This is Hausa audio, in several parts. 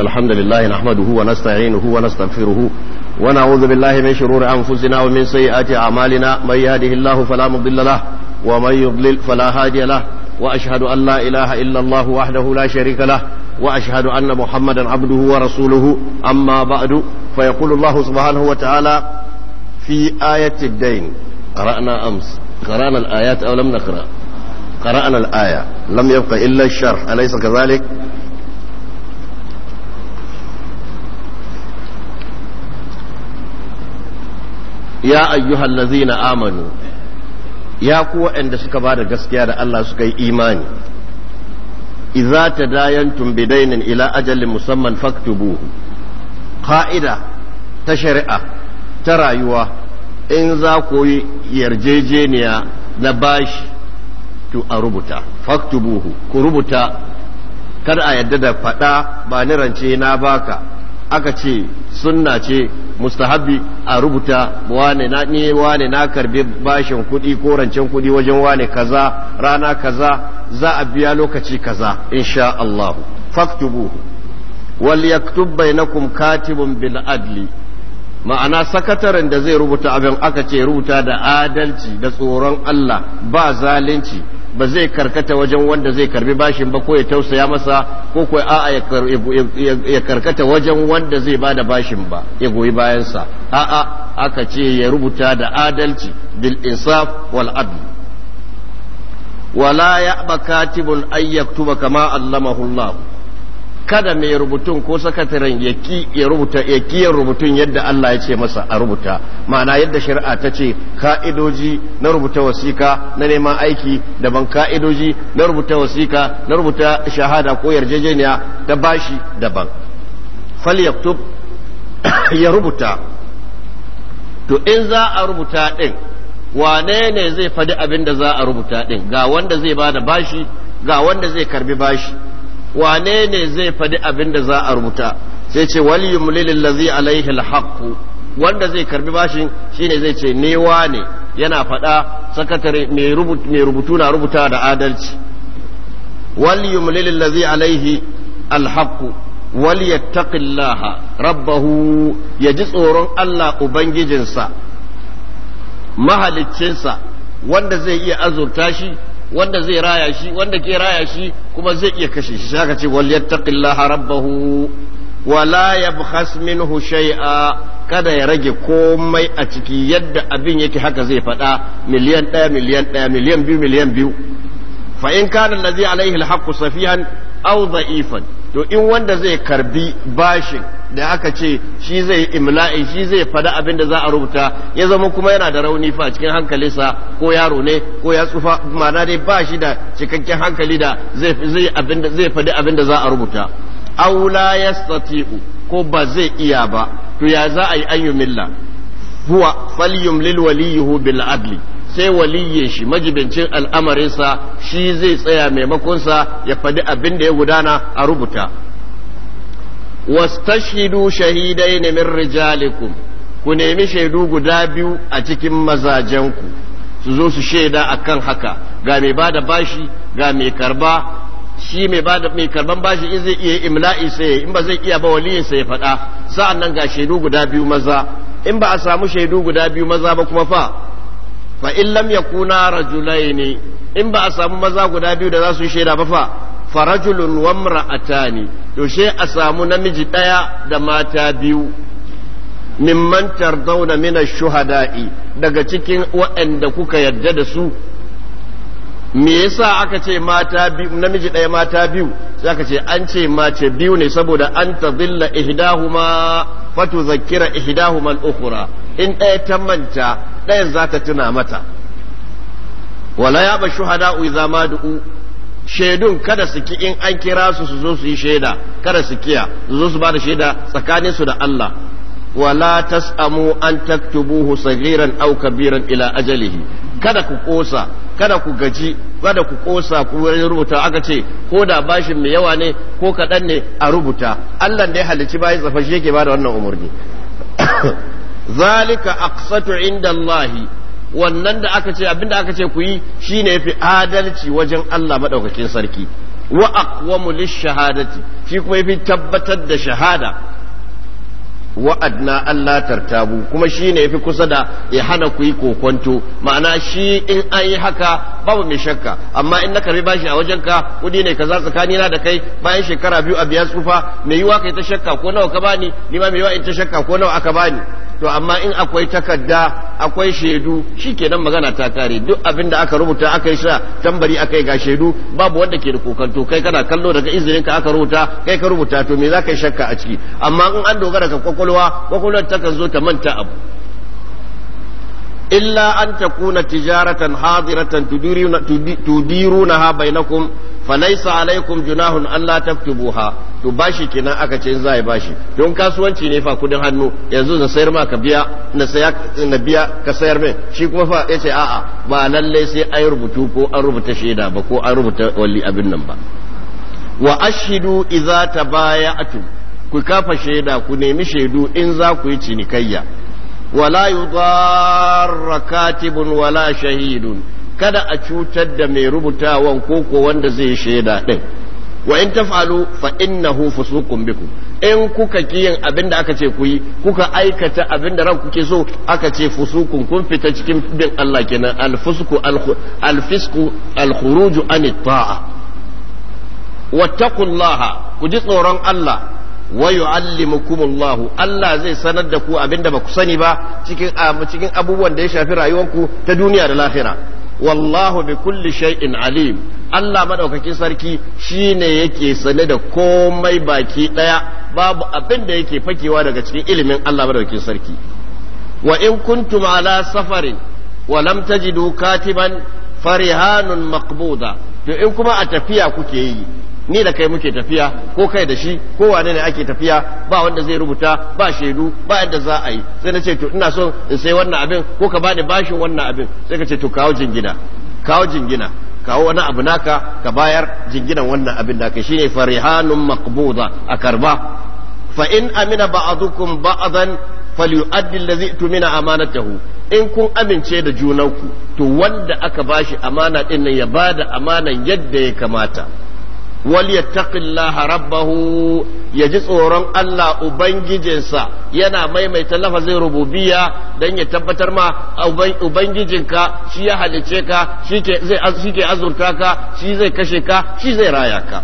الحمد لله نحمده ونستعينه ونستغفره ونعوذ بالله من شرور أنفسنا ومن سيئات أعمالنا من يهده الله فلا مضل له ومن يضلل فلا هادي له وأشهد أن لا إله إلا الله وحده لا شريك له وأشهد أن محمدا عبده ورسوله أما بعد فيقول الله سبحانه وتعالى في آية الدين قرأنا أمس قرأنا الآيات أو لم نقرأ قرأنا الآية لم يبق إلا الشرح أليس كذلك؟ ya ayyuhal lazina amanu ya ku waɗanda suka ba da gaskiya da Allah suka yi imani Iza ta dayan tumbidainin ila ajalin musamman faktubu ka'ida ta shari'a ta rayuwa in za ku yi yarjejeniya na bashi to a rubuta faktubuhu ku rubuta kada a yadda da faɗa ba ni rance na baka aka ce sunna ce mustahabi a rubuta wane na ne wane na karbe bashin kuɗi ko rancen kuɗi wajen wane kaza rana kaza za a biya lokaci kaza insha Allah faktubu wal yaktub bainakum katibun bil adli ma'ana sakataren da zai rubuta abin aka ce rubuta da adalci da tsoron Allah ba zalunci ba zai karkata wajen wanda zai karbi bashin ba ko ya tausaya masa ko ko a'a ya karkata wajen wanda zai ba da bashin ba ya goyi bayansa a'a aka ce ya rubuta da adalci bil insaf wal adl wala ya'ba katibun ayyaktuba ba kama allamahu Allah kada mai rubutun ko sakataren ya ki ya rubutun yadda Allah ya ce masa a rubuta ma'ana yadda shari'a ta ce ka'idoji na rubuta wasika na neman aiki daban ka'idoji na rubuta wasika na rubuta shahada ko yarjejeniya ta bashi daban falyaktub ya rubuta to in za a rubuta din wane ne zai faɗi abin da za a rubuta din ga wanda zai ba bada bashi ga wanda zai karbi bashi wane ne zai faɗi abin da za a rubuta sai ce wal yumlilil ladzi alaihi alhaq wanda zai karbi bashin shine zai ce ne wane yana faɗa sakatare mai rubutu mai rubutu na rubuta da adalci wal yumlilil ladzi alaihi alhaq wal yattaqillaha rabbahu yaji tsoron Allah ubangijinsa mahaliccinsa wanda zai iya azurta shi wanda zai raya shi wanda ke raya shi kuma zai iya kashe shi shaka ce wal yattaqillaha rabbahu wa la yabkhas minhu shay'a kada ya rage komai a ciki yadda abin yake haka zai faɗa miliyan ɗaya miliyan ɗaya miliyan biyu miliyan biyu fa in kana allazi alaihi alhaqqu safihan aw da'ifan to in wanda zai karbi bashin da aka ce shi zai imla'i shi zai fada abin da za a rubuta ya zama kuma yana da rauni fa cikin hankalinsa ko yaro ne ko ya tsufa ma'ana dai ba shi da cikakken hankali da zai faɗi fadi abin da za a rubuta aw ya yastati'u ko ba zai iya ba to ya za a yi an milla huwa falyumlil waliyuhu bil adli sai waliyin shi majibincin al'amarinsa shi zai tsaya maimakonsa ya faɗi abin da ya gudana a rubuta wastashhidu shahidaini min rijalikum ku nemi shaidu guda biyu a cikin mazajenku su zo su shaida akan haka ga mai bada bashi ga mai karba shi mai bada mai karban bashi in zai iya imla'i sai in ba zai iya ba waliyin sai ya faɗa sa'an nan ga shaidu guda biyu maza in ba a samu shaidu guda biyu maza ba kuma fa fa in lam yakuna rajulaini in ba a samu maza guda biyu da za su shaida ba fa farajulun wa imra'atani to she a samu namiji daya da mata biyu mimman tardawna min ash-shuhada'i daga cikin waɗanda kuka yarda da su me yasa aka ce mata biyu namiji ɗaya mata biyu sai aka ce an ce mace biyu ne saboda an tadilla ihdahuma fatu ihdahuma al-ukhra in ɗaya ta manta ɗayan za ta tuna mata wala ya ba shuhada idza ma du'u shaidun kada su ki in an kira su su zo su yi shaida kada su kiya su zo su ba da shaida tsakanin su da Allah wala tas'amu an taktubuhu saghiran aw kabiran ila ajalihi kada ku kosa kada ku gaji kada ku kosa ku rubuta aka ce ko da bashin mai yawa ne ko kaɗan ne a rubuta Allah da ya halicci bayan tsafashi yake ba da wannan umarni zalika aqsatu inda wannan da aka ce abinda aka ce ku yi shine yafi adalci wajen Allah madaukakin sarki wa aqwamu lishahadati shi kuma yafi tabbatar da shahada wa adna Allah tartabu kuma shine yafi kusa da ya hana ku yi kokonto ma'ana shi in an yi haka babu mai shakka amma in na karbi bashi a wajenka kudi ne kaza tsakani na da kai bayan shekara biyu a biyar tsufa mai yiwa kai ta shakka ko nawa ka bani ni ma mai yiwa in ta shakka ko nawa aka bani to amma in akwai takarda akwai shaidu shikenan magana ta kare duk abin da aka rubuta aka yi sa tambari aka yi ga shaidu babu wanda ke da kokanto kai kana kallo daga izinin ka aka rubuta kai ka rubuta to me za ka yi shakka a ciki amma in an dogara ka kwakwalwa kwakwalwar takan zo ta manta abu illa an takuna tijaratan hadiratan tudirunaha bainakum falaisa alaikum junahun Allah taktubuha to bashi kenan aka ce za ya bashi don kasuwanci ne fa kudin hannu yanzu na sayar ma ka biya na saya na biya ka sayar min shi kuma fa a'a ba lallai sai an rubutu ko an rubuta shaida ba ko an rubuta walli abin nan ba wa izata baya tabaya'tum ku kafa shaida ku nemi shaidu in za ku yi cinikayya wala yudarra katibun wala shahidun kada a cutar da mai rubutawan koko wanda zai shaida din wa in taf'alu fa innahu fusuqun bikum in kuka kiyin abin da aka ce ku kuka aikata abin da ran kuke so aka ce fusukun kun fita cikin bin Allah kenan al-fusqu al-fisqu al-khuruju an ku ji tsoron Allah wa yu'allimukumullahu Allah zai sanar da ku abinda ba ku sani ba cikin cikin abubuwan da ya shafi rayuwanku ta duniya da lahira wallahu bi kulli shay'in alim Allah madaukakin sarki shine yake sane da komai baki daya babu abinda yake fakewa daga cikin ilimin Allah madaukakin sarki wa in kuntum ala safarin wa lam tajidu katiban farihanun maqbuda to in kuma a tafiya kuke yi ni da kai muke tafiya ko kai da shi ko wane ne ake tafiya ba wanda zai rubuta ba shaidu ba yadda za a yi sai na ce to ina son in sai wannan abin ko ka bani bashin wannan abin sai ka ce to kawo jingina kawo jingina kawo wani abu naka ka bayar jinginan wannan abin kai shine farihanun maqbuda a karba fa in amina ba'dukum ba'dan falyu'addi allazi tumina amanatahu in kun amince da junanku to wanda aka bashi amana din nan ya bada amanan yadda ya kamata waliyattaqillaha rabbahu ya ji tsoron Allah ubangijinsa yana maimaita lafazin rububiyya dan ya tabbatar ma ubangijinka shi ya halice ka shi ke azurta ka shi zai kashe ka shi zai raya ka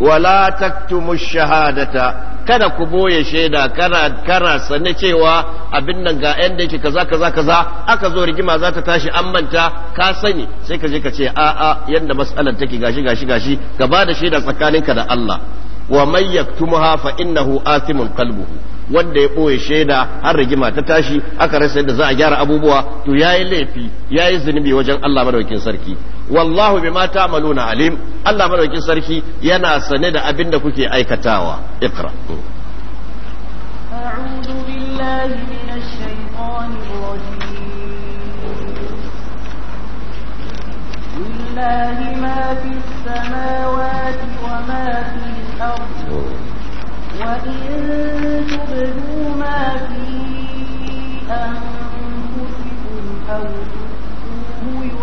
wala taktumu shahadata kada ku boye shaida kana kana cewa abin nan ga yan da yake kaza kaza kaza aka zo rigima za ta tashi an manta ka sani sai ka je ka ce a a yanda mas'alar take gashi gashi gashi gaba da shaida tsakaninka da Allah wa may yaktumuha fa innahu athimun qalbuhu wanda ya ɓoye shaida har rigima ta tashi aka rasa yadda za a gyara abubuwa to yayi laifi yayi zunubi wajen Allah madaukin sarki wallahu bima ta'maluna alim Allah madaukin sarki yana sane da abin da kuke aikatawa iqra a'udhu billahi minash shaitanir rajim billahi ma fis samawati wa ma fil ardi wa in tubdu ma fi anfusikum aw tukhfuhu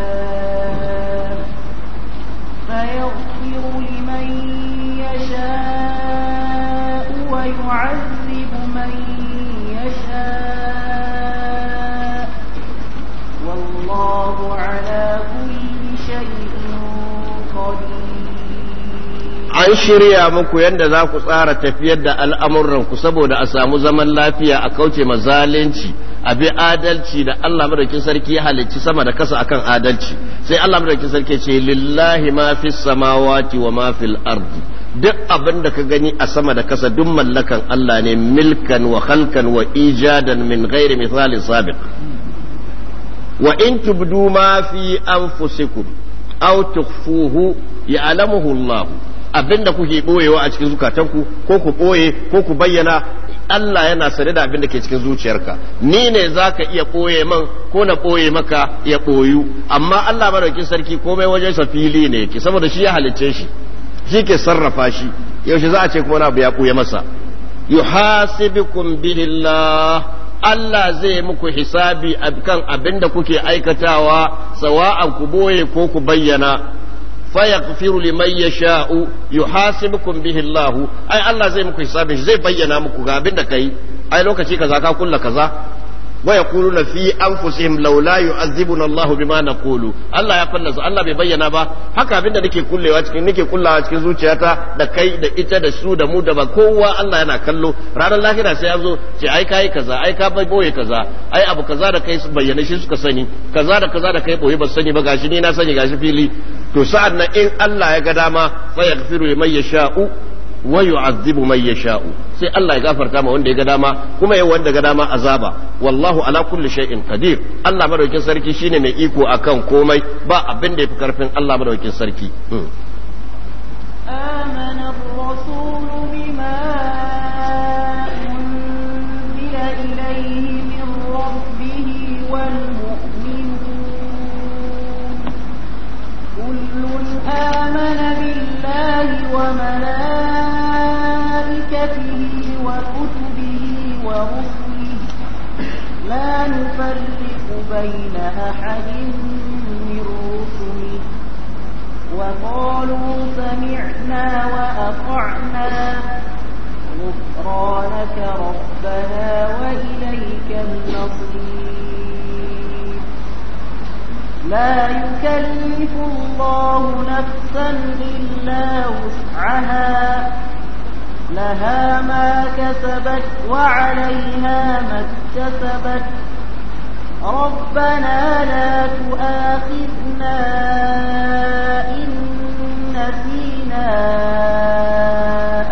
an shirya muku yadda za ku tsara tafiyar da al'amuranku saboda a samu zaman lafiya a kauce mazalunci a bi adalci da Allah madaukin sarki ya halicci sama da kasa akan adalci sai Allah madaukin sarki ce lillahi ma fi samawati wa ma fil ardi duk abin da ka gani a sama da kasa duk mallakan Allah ne milkan wa halkan wa ijadan min ghairi misali sabiq wa in tubdu ma fi anfusikum aw tukhfuhu ya'lamuhu Allah abinda kuke boyewa a cikin zukatanku ko ku boye ko ku bayyana Allah yana sane da abin da ke cikin zuciyarka ni ne za ka iya ɓoye man ko na ɓoye maka ya ɓoyu amma Allah madaukin sarki komai wajen sa fili ne yake saboda shi ya halicce shi shi ke sarrafa shi yaushe za a ce kuma abu ya ɓoye masa yuhasibukum billah Allah zai muku hisabi kan abin da kuke aikatawa sawa'an ku boye ko ku bayyana fayaghfiru liman yasha'u yuhasibukum bihi Allah ai Allah zai muku hisabin zai bayyana muku ga abin da kai ai lokaci kaza ka kulla kaza wa yaquluna fi anfusihim laula yu'azzibuna Allahu bima naqulu Allah ya fallasa Allah bai bayyana ba haka abinda nake kullewa cikin nake kullawa cikin zuciyata da kai da ita da su da mu da ba kowa Allah yana kallo ranar lahira sai an zo ce ai kai kaza ai ka bai boye kaza ai abu kaza da kai bayyana shi suka sani kaza da kaza da kai boye ba sani ba gashi ni na sani gashi fili to sa'an nan in Allah ya ga dama fa yaghfiru ya yasha'u wa yu'adhibu man yasha'u sai Allah ya gafarta ma wanda ya ga dama kuma ya wanda ga dama azaba wallahu ala kulli shay'in qadir Allah madaukakin sarki shine mai iko akan komai ba abin da yafi karfin Allah madaukakin sarki amana bima unzila ilayhi وسعها لها ما كسبت وعليها ما اكتسبت ربنا لا تؤاخذنا إن نسينا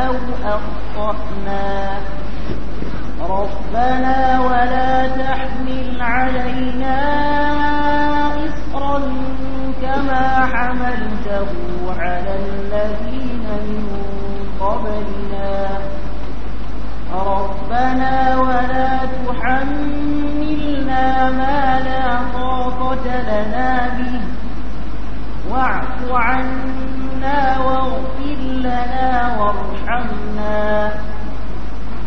أو أخطأنا ربنا ولا تحمل علينا إصرا كما حملته وعلى الذين من قبلنا ربنا ولا تحملنا ما لا طاقة لنا به واعف عنا واغفر لنا وارحمنا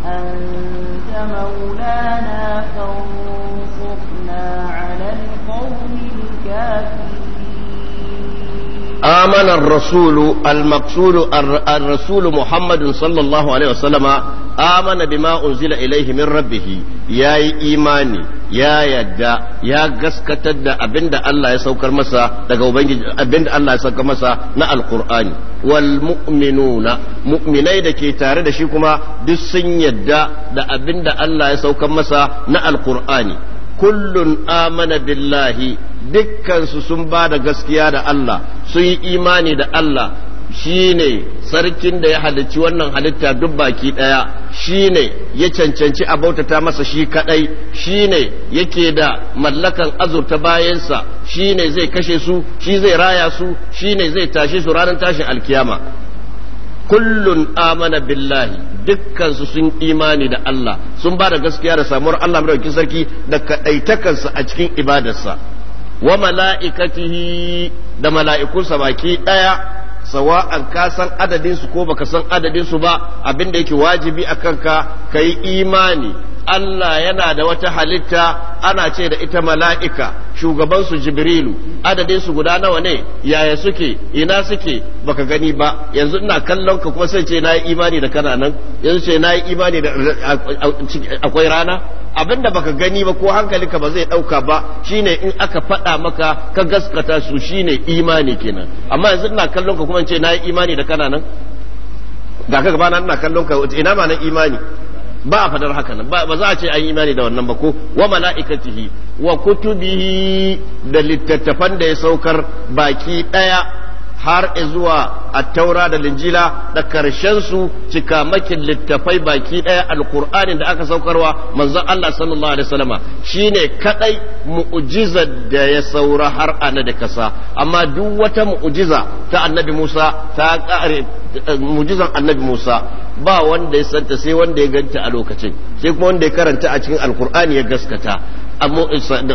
أنت مولانا فانصرنا على القوم الكافرين آمن الرسول المقصود الرسول محمد صلى الله عليه وسلم آمن بما أنزل إليه من ربه يا إيماني يا يدا يا قسكتد أبند الله يسوكر مسا أبند الله يسوكر مسا نا القرآن والمؤمنون مؤمني دكي تارد شيكما دسن يدا دا أبند الله يسوكر مسا نا القرآن كل آمن بالله dukkansu sun ba da gaskiya da Allah sun yi imani da Allah shi ne sarkin da ya halicci wannan halitta duk baki ɗaya shi ne ya cancanci a bautata masa shi kaɗai shi ne yake da mallakan azurta bayansa shi ne zai kashe su shi zai raya su shi ne zai tashe su ranar tashin alkiyama Kullum amana billahi dukkansu sun imani da Allah sun ba da gaskiya da samuwar Allah mai sarki da kaɗaitakansa a cikin ibadarsa wa mala'ikatihi da mala'ikunsa baki ɗaya Sawa an ka san adadinsu ko ko baka san adadinsu ba abin da yake wajibi a kanka ka yi imani Allah yana da wata halitta ana ce da ita mala'ika shugabansu jibrilu adadinsu guda nawa ne yaya suke ina suke baka gani ba yanzu ina kallon ka kuma sai ce na yi imani da kana nan yanzu ce na yi imani da akwai rana abinda baka gani ba ko hankalinka ba zai dauka ba shine in aka faɗa maka ka gaskata su shine imani kenan amma yanzu ina kallon ka kuma ce na yi imani da kana nan ga kaga gaba na ina kallon ka ina ma na imani ba a fadar haka nan ba za a ce an yi imani da wannan ba ko wa mala'ikatihi wa kutubihi da littattafan da ya saukar baki daya har zuwa taura da linjila da karshen su cikamakin littafai baki ɗaya alkur'anin da aka saukarwa manzon Allah sallallahu alaihi wasallama shine kadai mu'jizar da ya saura har ana da kasa amma duk wata mu'jiza ta annabi Musa ta kare eh, mu'jizan annabi Musa ba wanda ya santa sai wanda ya ganta a lokacin sai kuma wanda ya karanta a cikin alkur'ani ya gaskata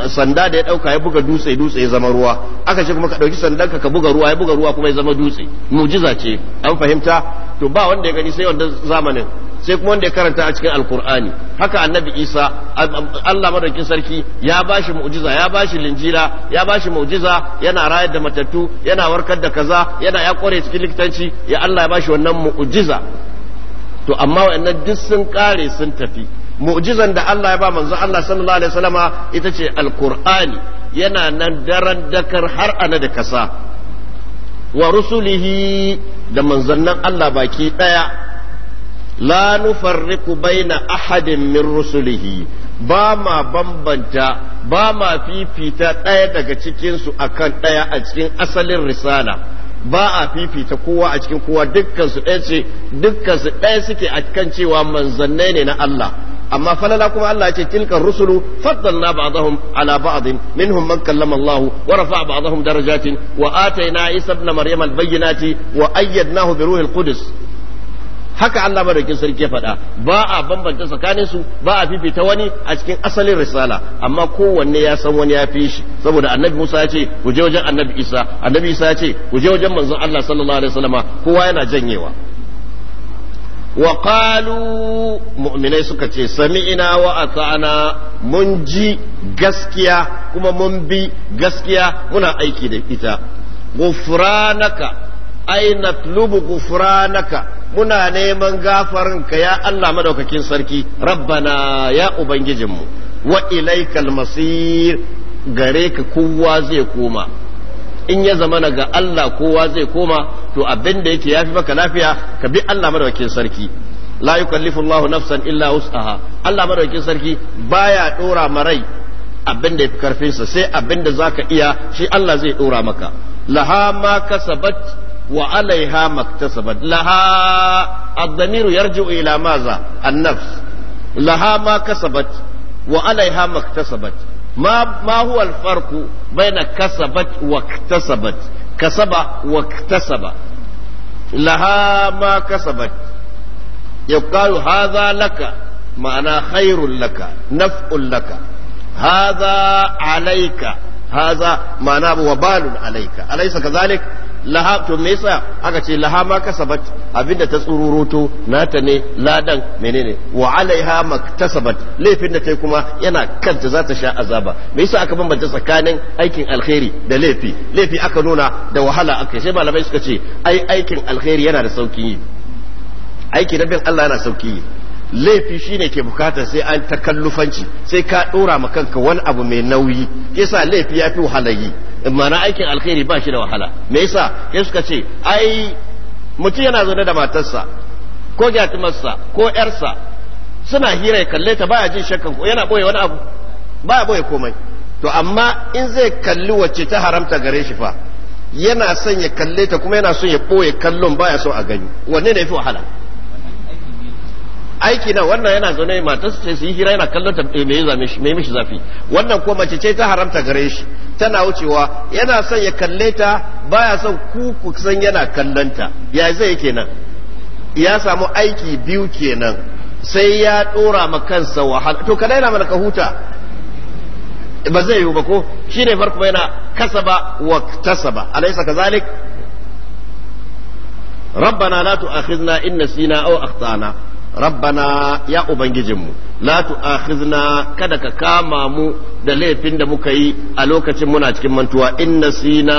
sanda da ya dauka ya buga dutse dutse ya zama ruwa aka ce kuma ka dauki sandanka ka buga ruwa ya buga ruwa kuma ya zama dutse mu'jiza ce an fahimta to ba wanda ya gani sai wanda zamanin sai kuma wanda ya karanta a cikin alkur'ani haka annabi isa allah madaukin sarki ya bashi mu'jiza ya bashi linjila ya bashi mu'jiza yana rayar da matattu yana warkar da kaza yana ya kware cikin likitanci ya allah ya bashi wannan mu'jiza to amma wa'annan duk sun kare sun tafi mu'jizan da Allah ya ba manzo Allah sallallahu alaihi wasallama ita ce alqur'ani yana nan daran dakar har ana da kasa wa rusulihi da manzannan Allah baki daya la nufarriqu baina ahadin min rusulihi ba ma bambanta ba ma fifita ɗaya daga cikinsu akan ɗaya a cikin asalin risala ba a fifita kowa a cikin kowa su ɗaya ce dukkan su ɗaya suke a kan cewa manzannai ne na Allah amma falala kuma Allah ya ce tilkar rusulu faddalna ba'dahum ala ba'd minhum man kallama Allah wa rafa'a ba'dahum darajatin wa atayna Isa ibn Maryam al-bayyinati wa ayyadnahu bi ruhil qudus haka Allah madaukin sarki ya faɗa ba a bambanta tsakanin su ba a fifita wani a cikin asalin risala amma kowanne ya san wani ya fi shi saboda annabi Musa ya ce ku je wajen annabi Isa annabi Isa ya ce ku je wajen manzon Allah sallallahu alaihi wasallama kowa yana janyewa wa qalu mu'minai suka ce sami'ina wa ata'ana mun ji gaskiya kuma mun bi gaskiya muna aiki da ita gufranaka ai natlubu gufranaka muna neman gafarinka ya Allah madaukakin sarki rabbana ya ubangijinmu wa ilaikal masir gare ka kowa zai koma in ya zama ga Allah kowa zai koma to abin da yake fi maka lafiya ka bi Allah madaukakin sarki la yukallifu Allah nafsan illa wus'aha Allah madaukakin sarki baya dora marai abin da yafi karfin sa sai abin da zaka iya shi Allah zai dora maka laha ma kasabat wa alaiha maktasabat laha ad-damiru yarji'u ila maza an-nafs laha ma kasabat wa alaiha maktasabat ma ma huwa al-farq baina kasabat wa iktasabat kasaba wa iktasaba laha ma kasabat يقال هذا لك معنى خير لك نفع لك هذا عليك هذا معناه وبال عليك أليس كذلك laha to me yasa aka ce laha ma kasabat abinda ta tsururoto nata ne ladan menene wa alaiha maktasabat laifin da ta kuma yana kanta za ta sha azaba me yasa aka bambanta tsakanin aikin alkhairi da laifi laifi aka nuna da wahala aka sai malamai suka ce ai aikin alkhairi yana da sauki yi aiki na bin Allah yana sauki yi laifi shine ke bukata sai an takallufanci sai ka dora ma kanka wani abu mai nauyi yasa laifi yafi wahala yi ma'ana aikin alkhairi ba shi da wahala me yasa sai suka ce ai mutum yana zaune da matarsa ko gyatumarsa ko yarsa suna hira ya kalle ta baya jin shakkan ko yana boye wani abu ya boye komai to amma in zai kalli wacce ta haramta gare shi fa yana son ya kalle ta kuma yana son ya boye kallon baya so a gani wanne ne yafi wahala aiki na wannan yana zaune su ce su yi hira yana kallon ta eh, me zame shi me mishi zafi wannan ko mace ce ta haramta gare shi tana wucewa yana son ya kalle ta baya son ku ku san yana kallon ta ya zai kenan ya samu aiki biyu kenan sai ya dora ma kansa wahala to kada yana mana ka huta ba zai yiwu ba ko shine farko yana kasaba wa tasaba alaysa kazalik ربنا لا تؤاخذنا إن نسينا أو أخطأنا rabbana ya ubangijinmu la tu'akhizna kada ka kama mu da laifin da muka yi a lokacin muna cikin mantuwa in nasina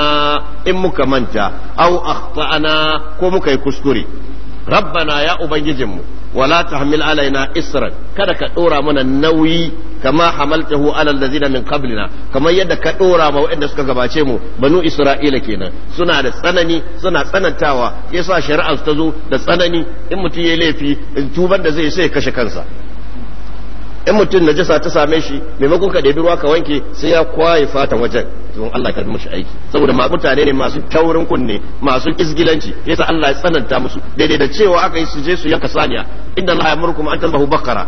in muka manta aw akhtana ko muka yi kuskure rabbana ya ubangijinmu wala tahmil alaina isran kada ka ɗora mana nauyi kama hamaltahu ala allazina min qablina kamar yadda ka dora ma waɗanda suka gabace mu banu isra'ila kenan suna da tsanani suna tsanantawa yasa shari'a ta zo da tsanani in mutum ya yi laifi in tuban da zai ya kashe kansa in mutum najasa ta same shi maimakon ka ɗabi ruwa ka wanke sai ya kwaye fatan wajen don Allah karbi mushi aiki saboda ma mutane ne masu taurin kunne masu isgilanci yasa Allah ya tsananta musu daidai da cewa aka yi su je su yanka saniya inda Allah ya an talbahu bakara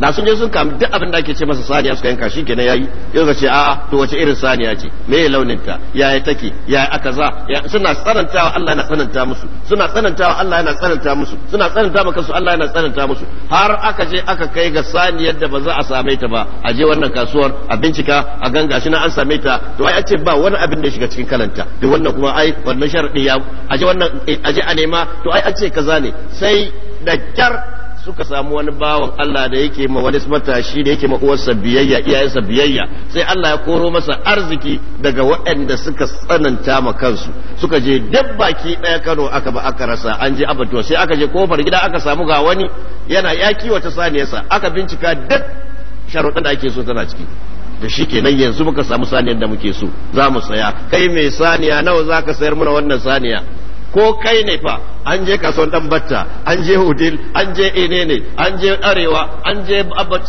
da sun je sun kam duk abin da ake ce masa saniya suka yanka shi kenan yayi yau ce a'a to wace irin saniya ce me ya launin ta yaya take yaya aka za suna tsanantawa Allah yana tsananta musu suna tsanantawa Allah yana tsananta musu suna tsananta maka su Allah yana tsananta musu har aka je aka kai ga saniyar da ba za a same ta ba a je wannan kasuwar a bincika a ganga shi na an same ta to ai a ce ba wani abin da shiga cikin kalanta to wannan kuma ai wannan sharadi ya a je wannan a je a nema to ai a ce kaza ne sai da kyar suka samu wani bawan Allah da yake ma wani matashi da yake ma uwarsa biyayya iyayensa biyayya sai Allah ya koro masa arziki daga waɗanda suka tsananta ma kansu suka je duk baki ɗaya Kano aka ba aka rasa an je abatuwa sai aka je kofar gida aka samu ga wani yana yaki wata saniyarsa aka bincika duk sharuɗan da ake so tana ciki da shi kenan yanzu muka samu saniyar da muke so za mu saya kai mai saniya nawa zaka sayar mana wannan saniya ko kai ne fa an je kason dan batta an je hudil an je inene an je arewa an je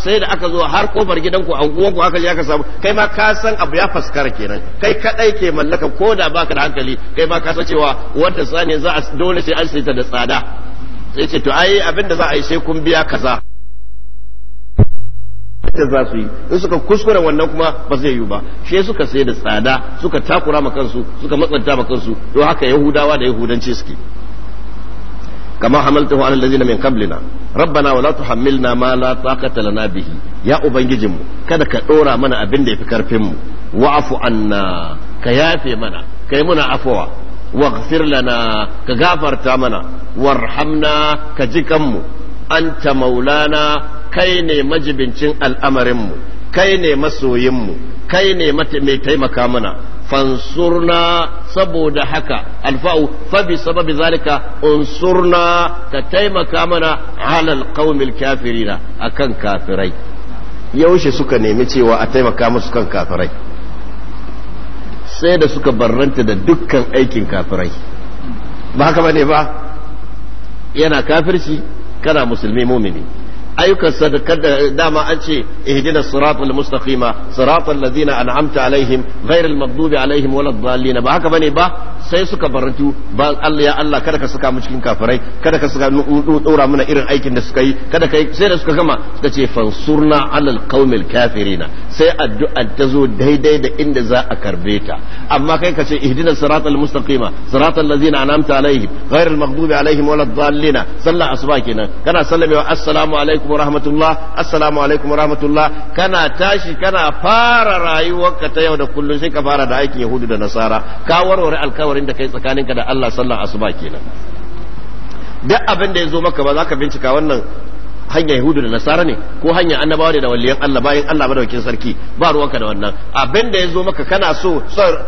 sai da aka zo har kofar gidanku a ku aka je aka samu kai ma ka san abu ya faskara kenan kai kadai ke mallaka ko da baka da hankali kai ma ka san cewa wanda sani za a dole sai an saita da tsada sai ce to ai abin da za a yi sai kun biya kaza da za su yi in suka kuskure wannan kuma ba zai yi ba shi suka sai da tsada suka takura ma kansu suka matsanta ma kansu to haka yahudawa da yahudanci suke kama hamaltahu ala alladhina min qablina rabbana wala tuhammilna ma la taqata lana bihi ya ubangijin mu kada ka dora mana abin da yafi karfin mu wa'fu anna ka yafe mana kai muna afwa waghfir lana ka gafarta mana warhamna ka kanmu mu anta maulana kai ne majibincin al'amarinmu kai ne masoyinmu kai ne mai taimaka mana fansurna saboda haka alfa'u fabi sababi zalika unsurna ka taimaka mana halal qaumil kafirina akan kafirai yaushe suka nemi cewa a taimaka musu kan kafirai sai da suka barranta da dukkan aikin kafirai ba haka bane ba yana kafirci kana musulmi mumini ayyukan sadakar da dama an ce ihdina siratal mustaqima siratal ladzina an'amta alaihim ghairil maghdubi alaihim waladdallin ba haka bane ba sai suka barantu ba Allah ya Allah kada ka saka mu cikin kafirai kada ka saka mu dora mana irin aikin da suka yi kada kai sai da suka gama suka ce fansurna alal qaumil kafirina sai addu'a ta zo daidai da inda za a karbe ta amma kai ka ce ihdina siratal mustaqima siratal ladzina an'amta alaihim ghairil maghdubi alaihim waladdallin sallah asuba kenan kana sallamewa assalamu alaikum alaikum wa rahmatullah assalamu alaikum wa rahmatullah kana tashi kana fara rayuwarka ta yau da kullun sai ka fara da aikin yahudu da nasara ka warware alkawarin da kai tsakaninka da Allah sallan asuba kenan duk abin da ya zo maka ba za ka bincika wannan hanya yahudu da nasara ne ko hanya annabawa ne da waliyan Allah bayan Allah madaukin sarki ba ruwanka da wannan abin da ya zo maka kana so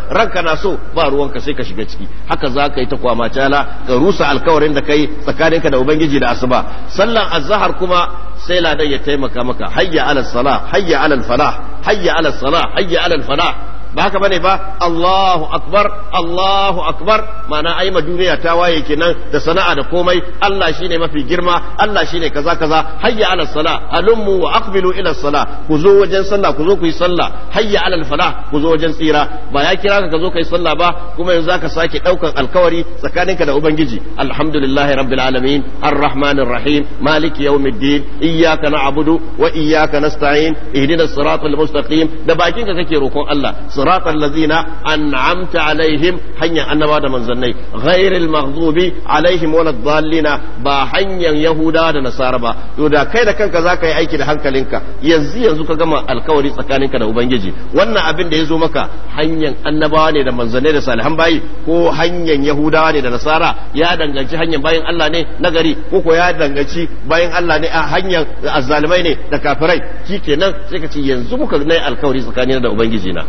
ranka na so ba ruwanka sai ka shiga ciki haka za ka yi ta kwama cala ka rusa alkawarin da kai tsakaninka da ubangiji da asuba sallan azhar kuma sai ladan ya taimaka maka hayya alal salah hayya alal falah hayya alal salah hayya alal falah ba haka bane ba Allahu akbar Allahu akbar ma'ana ai ma duniya ta waye kenan da sana'a da komai Allah shine mafi girma Allah shine kaza kaza hayya ala sala halummu wa aqbilu ila sala ku zo wajen sallah ku zo ku yi sallah hayya ala falah ku zo wajen tsira ba ya kira ka ka zo ka yi sallah ba kuma yanzu zaka sake daukan alkawari tsakaninka da ubangiji alhamdulillahi rabbil alamin arrahmanir rahim maliki yawmiddin iyyaka na'budu wa iyyaka nasta'in ihdinas siratal mustaqim da bakinka kake roƙon Allah صراط الذين أنعمت عليهم حنيا أنا بعد منزلني غير المغضوب عليهم ولا الضالين ba حنيا يهودا da nasara ba to da kai da kanka za ka yi aiki da hankalinka yanzu yanzu ka gama alkawari tsakaninka da ubangiji wannan abin da ya zo maka hanyar annabawa ne da manzanai da salihan bayi ko hanyar yahudawa ne da nasara ya danganci hanyar bayan allah ne na gari ko ya danganci bayan allah ne a hanyar azzalimai ne da kafirai kenan sai ka ce yanzu kuka na yi alkawari tsakanina da ubangiji na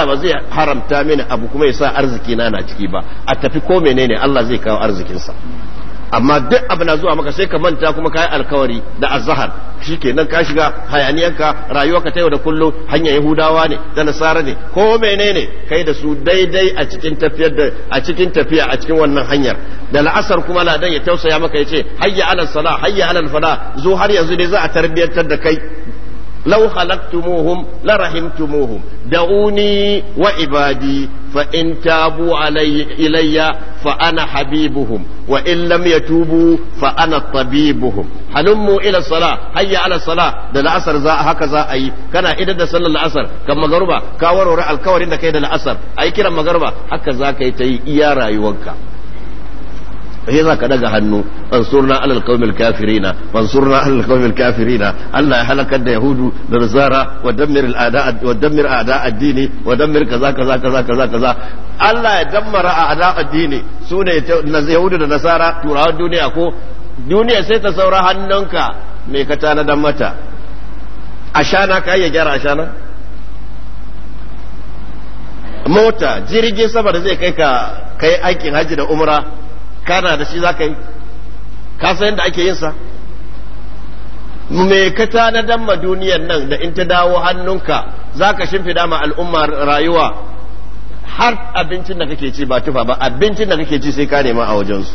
Allah ba zai haramta mini abu kuma ya sa arziki na na ciki ba a tafi ko menene Allah zai kawo arzikinsa amma duk abu na zuwa maka sai ka manta kuma kayi alkawari da azhar shikenan ka shiga hayaniyanka rayuwarka ta yau da kullum hanya yahudawa ne da nasara ne ko menene kai da su daidai a cikin tafiyar da a cikin tafiya a cikin wannan hanyar da la'asar kuma ladan ya tausaya maka ya ce hayya alal sala hayya alal fala zo har yanzu ne za a tarbiyantar da kai لو خلقتموهم لرحمتموهم دعوني وعبادي فإن تابوا علي إلي فأنا حبيبهم وإن لم يتوبوا فأنا طبيبهم halummu ila sala hayya ala sala da la'asar za haka za a yi kana idan da sallar la'asar kan magaruba ka warware alkawarin da kai da la'asar ai kiran magaruba haka za ka yi ta yi iya rayuwarka sai za ka daga hannu mansurna alal qaumil kafirina mansurna alal qaumil kafirina Allah ya halakar da yahudu da nasara wa dammir al a'da wa dammir a'da addini wa dammir kaza kaza kaza kaza kaza Allah ya dammara a'da addini sune yahudu da nasara turawan duniya ko duniya sai ta saura hannunka me ka tanadan mata ashana ka ya gyara ashana mota jirgin sama da zai kai ka kai aikin hajji da umra kana da shi zaka yi ka san yadda ake yin sa me ka tanadar ma duniyar nan da in ta dawo hannunka zaka shimfida ma al'umma rayuwa har abincin da kake ci ba tufa ba abincin da kake ci sai ka nema a wajensu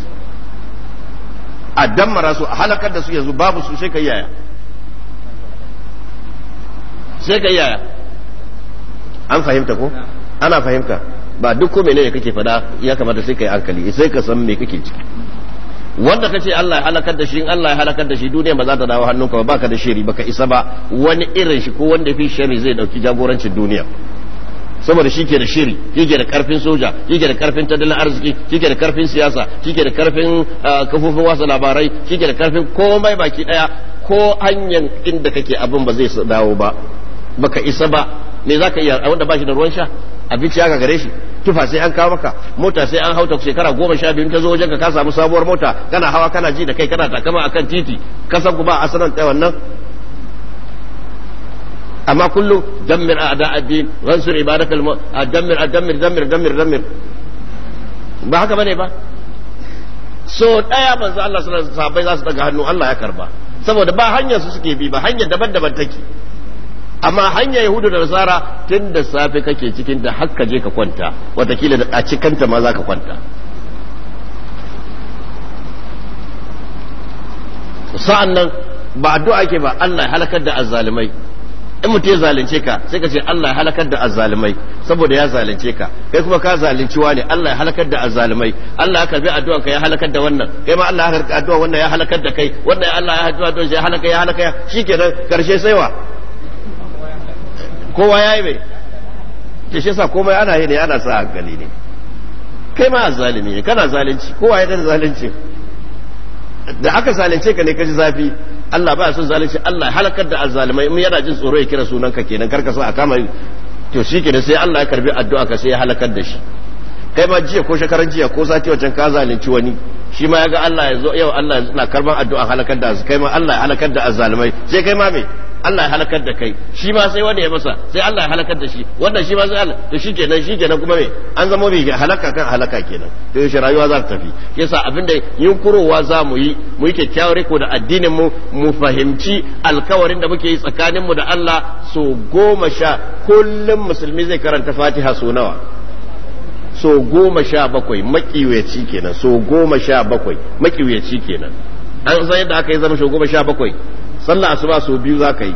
a dammara su a halakar da su yanzu babu su sai ka yaya sai ka yaya an fahimta ko ana fahimta ba duk ko menene kake fada ya kamata sai kai hankali sai ka san me kake ciki wanda kace ce Allah ya halakar da shi in Allah ya halakar da shi duniya ba za ta dawo hannunka ba baka da shiri baka isa ba wani irin shi ko wanda fi shiri zai dauki jagorancin duniya saboda shi ke da shiri shi ke da karfin soja shi ke da karfin tattalin arziki shi ke da karfin siyasa shi ke da karfin ah, kafofin wasa labarai shi ke da karfin komai baki daya ko hanyar inda kake abin ba zai dawo ba baka isa ba me zaka iya wanda ba shi da ruwan sha abinci ya gagare shi tufa sai an kawo maka mota sai an hauta shekara goma sha biyu ta zo wajen ka ka samu sabuwar mota kana hawa kana ji da kai kana takama akan titi kasan ku ba asalan ta wannan amma kullum dammir a'da addin ibadaka ibadakal dammir dammir dammir dammir dammir ba haka bane ba so daya manzo Allah sallallahu alaihi wasallam sahabbai za su daga hannu Allah ya karba saboda ba hanyar su suke bi ba hanyar daban-daban take amma hanyar yahudu da nasara tun da safe kake cikin da haka je ka kwanta watakila da a cikanta ma za ka kwanta sa'an nan ba addu'a ke ba Allah ya halakar da azalimai in mutum ya zalunce ka sai ka ce Allah ya halakar da azalimai saboda ya zalunce ka kai kuma ka zalunci ne Allah ya halakar da azalimai Allah ya karbi addu'a ka ya halakar da wannan kai ma Allah ya halakar da addu'a wannan ya halakar da kai wannan Allah ya halakar da ya halaka ya halaka shikenan karshe saiwa kowa ya yi mai da shi sa komai ana yi ne ana sa hankali ne kai ma zalimi ne kana zalunci kowa ya dan zalunci da aka zalunce ka ne ji zafi Allah ba son zalunci Allah halakar da azzalimai mun yana jin tsoro ya kira sunan ka kenan karka sa a kama yi. to shi kenan sai Allah ya karbi addu'a ka sai ya halakar da shi kai ma jiya ko shekaran jiya ko sati wajen ka zalunci wani shi ma ya ga Allah ya zo yau Allah na karban addu'a halakar da kai ma Allah ya halakar da azzalimai sai kai ma mai Allah ya halakar da kai shi ma sai wanda ya masa sai Allah ya halakar da shi wannan shi ma sai Allah to shi kenan shi kenan kuma me an zama mai halaka kan halaka kenan to yaushe rayuwa za ta tafi yasa abinda yunkurowa za mu yi mu yi kyakkyawar ko da addinin mu mu fahimci alkawarin da muke yi tsakanin mu da Allah so goma sha kullum musulmi zai karanta Fatiha so nawa so goma sha bakwai makiwaci kenan so goma sha bakwai makiwaci kenan an san yadda aka yi zama so goma sha bakwai sallah asuba so biyu za ka yi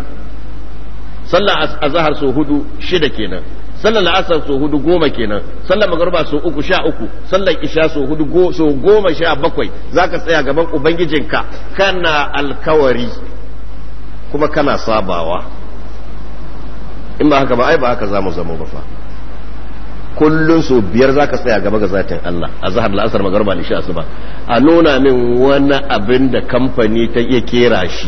sallah azahar so hudu shida kenan sallar la'asar so hudu goma kenan sallar magarba so uku sha uku sallar isha so hudu so goma sha bakwai za ka tsaya gaban ubangijinka kana alkawari kuma kana sabawa in ba haka ba ai ba haka za mu zama ba fa kullun sau biyar za ka tsaya gaba ga zatin Allah a zahar la'asar magarba isha su ba a nuna min wani abin da kamfani ta iya kera shi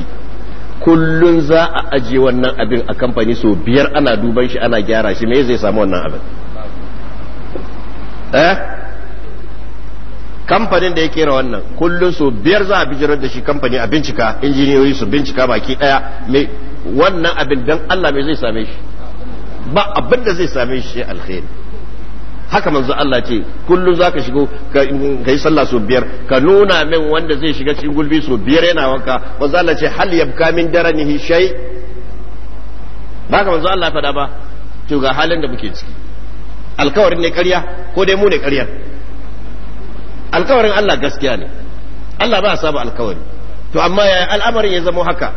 kullun za a ajiye wannan abin a kamfani so biyar ana duban shi ana gyara shi me zai samu wannan abin eh kamfanin da ya kera wannan kullun so biyar za a bijirar da shi kamfani a bincika injiniyoyi su bincika baki daya me wannan abin dan Allah me zai same shi ba abin da zai same shi alkhairi haka manzo Allah ce kullu zaka shigo ka yi sallah so biyar ka nuna min wanda zai shiga cikin gulbi so biyar yana wanka manzo Allah ce hal yabka min daranihi shay ba ka manzo Allah faɗa ba to ga halin da muke ciki alkawarin ne ƙarya ko dai mu ne ƙarya alkawarin Allah gaskiya ne Allah ba ba alkawari to amma yaya al'amarin ya zama haka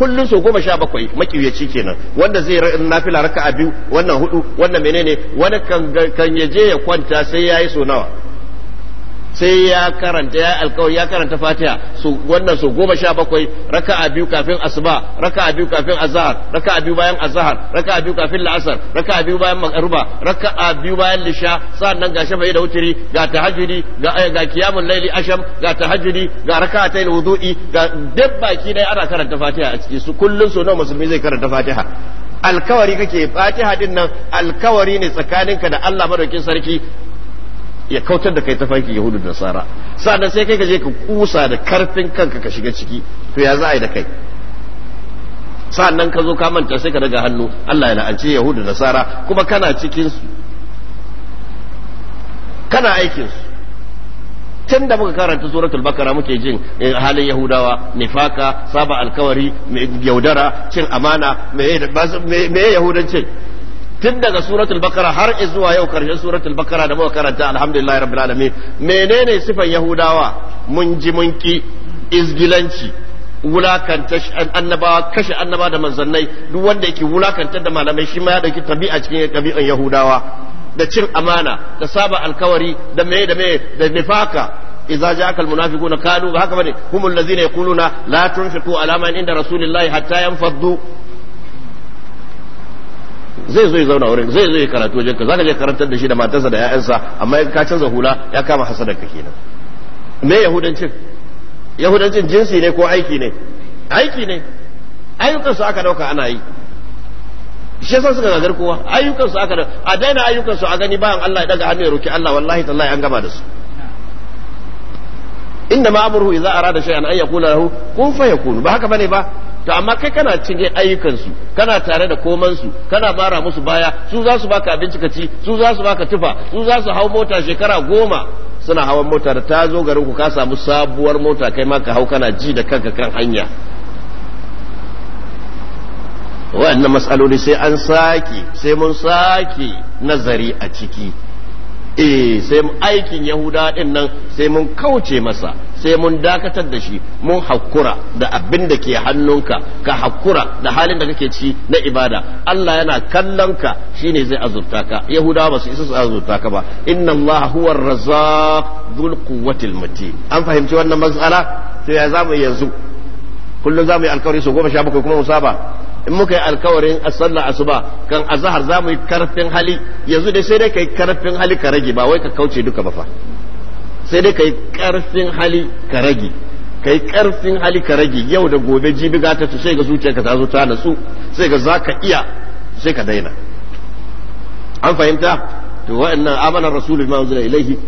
kullun so goma sha bakwai makiyaci kenan wanda zai nafila raka'a biyu wannan hudu wannan menene wani kan ya je ya kwanta sai yayi so nawa sai ya karanta ya alkawari ya karanta fatiha su wannan su goma sha bakwai a biyu kafin asuba a biyu kafin azhar a biyu bayan azhar a biyu kafin la'asar a biyu bayan magruba a biyu bayan lisha sannan ga shafa'i da wuturi ga tahajjudi ga eh, ga kiyamun laili asham ga tahajjudi ga ta wudu'i ga duk baki dai ana karanta fatiha a ciki su kullun su nawa musulmi zai karanta fatiha alkawari kake fatiha din nan alkawari ne tsakaninka da Allah madaukin sarki ya kautar da kai ta fanki yahudu da nasara sannan sai kai ka je ka kusa da karfin kanka ka shiga ciki to ya za a yi da kai sannan ka zo ka manta sai ka daga hannu Allah ya la'anci yahudu da nasara kuma kana cikin su kana aikin su tun da muka karanta suratul bakara muke jin eh, halin yahudawa nifaka saba alkawari yaudara cin amana me yahudancin tun daga suratul bakara har zuwa yau karshen suratul bakara da muka karanta alhamdulillah rabbil alamin menene sifan yahudawa mun ji mun ki izgilanci wulakanta annabawa kashe annaba da manzannai duk wanda yake wulakantar da malamai shi ma ya dauki tabi'a cikin tabi'an yahudawa da cin amana da saba alkawari da meye da meye da nifaka إذا جاءك المنافقون قالوا هكذا هم الذين يقولون لا تنفقوا على من عند رسول الله حتى ينفضوا zai zo ya zauna wurin zai zo ya karatu wajen ka zaka je karantar da shi da matarsa da ƴaƴansa amma in ka canza hula ya kama hasadar ka kenan me yahudancin yahudancin jinsi ne ko aiki ne aiki ne ayyukan su aka dauka ana yi shi yasa suka gagar kowa ayyukan su aka a daina ayyukan su a gani bayan Allah ya daga hannu ya roki Allah wallahi tallahi an gama da su inda ma amruhu idza arada shay'an an yaqula lahu kun fayakun ba haka bane ba to amma kai kana cikin ayyukansu kana tare da komansu kana bara musu baya su za su baka abinci ka ci su za su baka tufa su za su hau mota shekara goma suna hawan mota da ta zo garin ku ka samu sabuwar mota kai ma ka hau kana ji da kanka kan hanya waɗannan matsaloli sai an sake sai mun sake nazari a ciki eh sai aikin yahuda din nan sai mun kauce masa sai mun dakatar da shi mun hakura da abin da ke hannunka ka hakura da halin da kake ci na ibada Allah yana kallon ka shine zai azurta ka yahuda ba su isa su azurta ka ba inna Allah huwa razzaq dhul quwwati matin an fahimci wannan matsala sai ya zamu yanzu kullum zamu yi alkawari su goma sha bakwai kuma musaba in muka yi alkawarin sallar asuba kan azahar za mu yi karfin hali yanzu dai sai dai ka yi karfin hali ka rage ba wai ka kauce duka ba fa sai dai ka yi karfin hali ka rage ka yi karfin hali ka rage yau da gobe jibi gata ta sai ga zuciyarka ta zo ta nasu sai ga za ka iya sai ka daina an fahimta to wa'annan amanar rasulullah ma ilaihi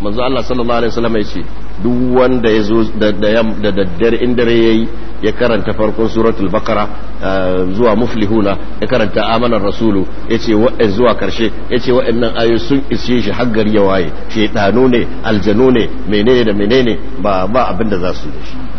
manzo Allah sallallahu alaihi wasallam ya ce duk wanda ya zo da daddare in dare yayi ya karanta farkon suratul bakara eh, zuwa muflihuna ya karanta amanar rasulu ya ce wa'in eh, zuwa karshe ya ce nan ayo sun ishe shi haggar ya waye shaidanu ne aljanu ne menene da menene ba ba abin da za su shi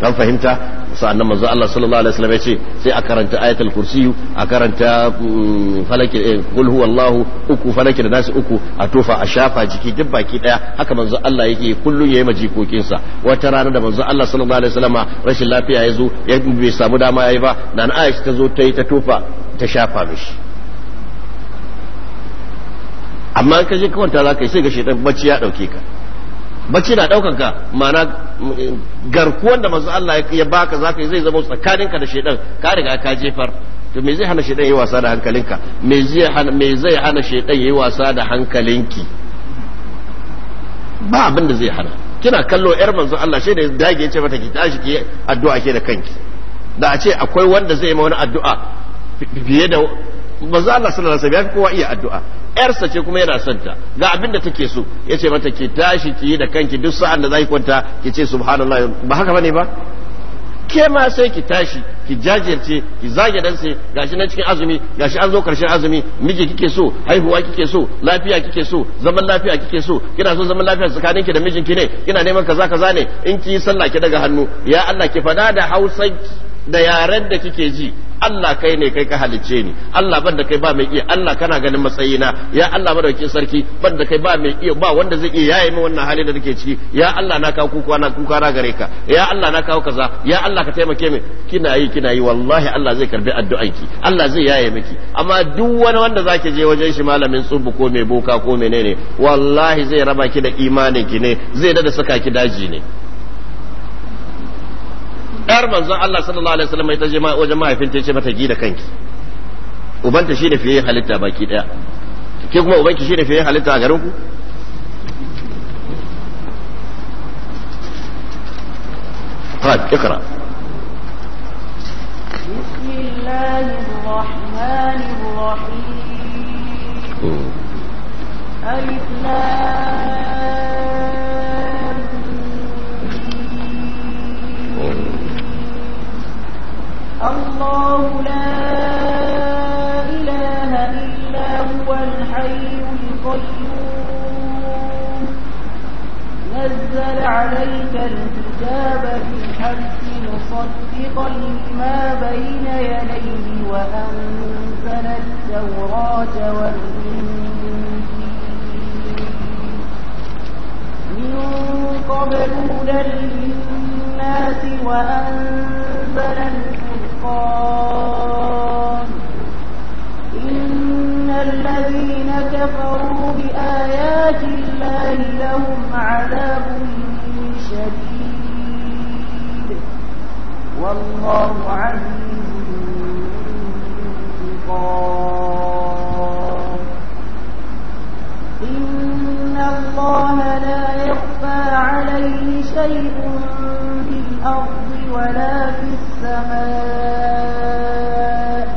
kan fahimta sa'annan manzo Allah sallallahu alaihi wasallam ya ce sai a karanta ayatul kursiyu a karanta mm, falaki eh, qul huwallahu uku falaki da nasu uku a tofa a shafa jiki duk baki daya haka manzo Allah yake kullun yayi majikokin sa wata rana da manzo Allah sallallahu alaihi wasallam rashin lafiya ya zo ya bai samu dama yayi ba nan Aisha ta zo ta yi ta tofa ta shafa mishi amma in ka je kawanta za sai ga shedan bacci ya dauke ka bacci na daukan ka ma'ana mm, garkuwan da manzo Allah ya baka zaka zai zama tsakaninka da shedan ka riga ka jefar to me zai hana shedan yayi wasa da hankalinka me zai hana me zai hana shedan yayi wasa da hankalinki ba abin da zai hana kina kallo yar manzo Allah shi da dage ya ce mata ki tashi ki addu'a ke da kanki da a ce akwai wanda zai yi wani addu'a fiye da manzo Allah sallallahu alaihi wasallam ya kowa iya addu'a yarsa ce kuma yana son ta ga abin da take so yace mata ki tashi ki da kanki duk sa'an da zaki kwanta ki ce subhanallahi ba haka bane ba ke ma sai ki tashi ki jajirce ki zage sai gashi nan cikin azumi gashi an zo karshen azumi miji kike so haihuwa kike so lafiya kike so zaman lafiya kike so kina so zaman lafiya tsakanin ki da mijinki ne kina neman kaza kaza ne in ki sallah ki daga hannu ya Allah ki fada da hausa da yaren da kike ji Allah kai ne kai ka halicce ni Allah ban da kai ba mai iya Allah kana ganin matsayina ya Allah madaukakin sarki ban da kai ba mai iya ba wanda zai iya yaye min wannan hali da nake ciki ya Allah na kawo kuka na kuka na gare ka ya Allah na kawo kaza ya Allah ka taimake min kina yi kina yi wallahi Allah zai karbi addu'anki Allah zai yaye miki amma duk wani wanda zaki je wajen shi malamin tsubu ko mai boka ko menene wallahi zai raba ki da imanin ki ne zai dada saka ki daji ne yar manzon Allah sallallahu alaihi wasallam ita je wajen mahaifinta ya ce mata gida kanki ubanta shi da fiye halitta baki daya ke kuma ubanki shi da fiye halitta a garin ku طيب اقرا بسم الله الرحمن الرحيم ألف الله لا إله إلا هو الحي القيوم نزل عليك الكتاب بالحق مصدقا لما بين يديه وأنزل التوراة والإنجيل من قبل هدى للناس وأنزل الكتاب الفرقان إن الذين كفروا بآيات الله لهم عذاب شديد والله عزيز انتقام إن الله لا يخفى عليه شيء في الأرض ولا في السماء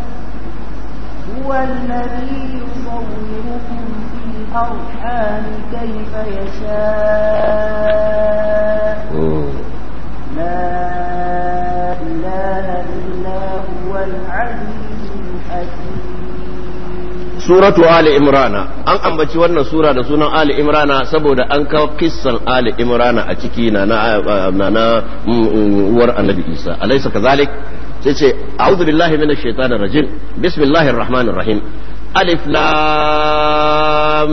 هو الذي يصوركم في الأرحام كيف يشاء لا إله إلا هو العزيز الحكيم suratu ali imrana an ambaci wannan sura da sunan ali imrana saboda an kawo kissan ali imrana a ciki na na mm, mm, uwar annabi isa alaysa kazalik sai ce a'udhu billahi minash shaitanir rajim bismillahir rahmanir rahim alif lam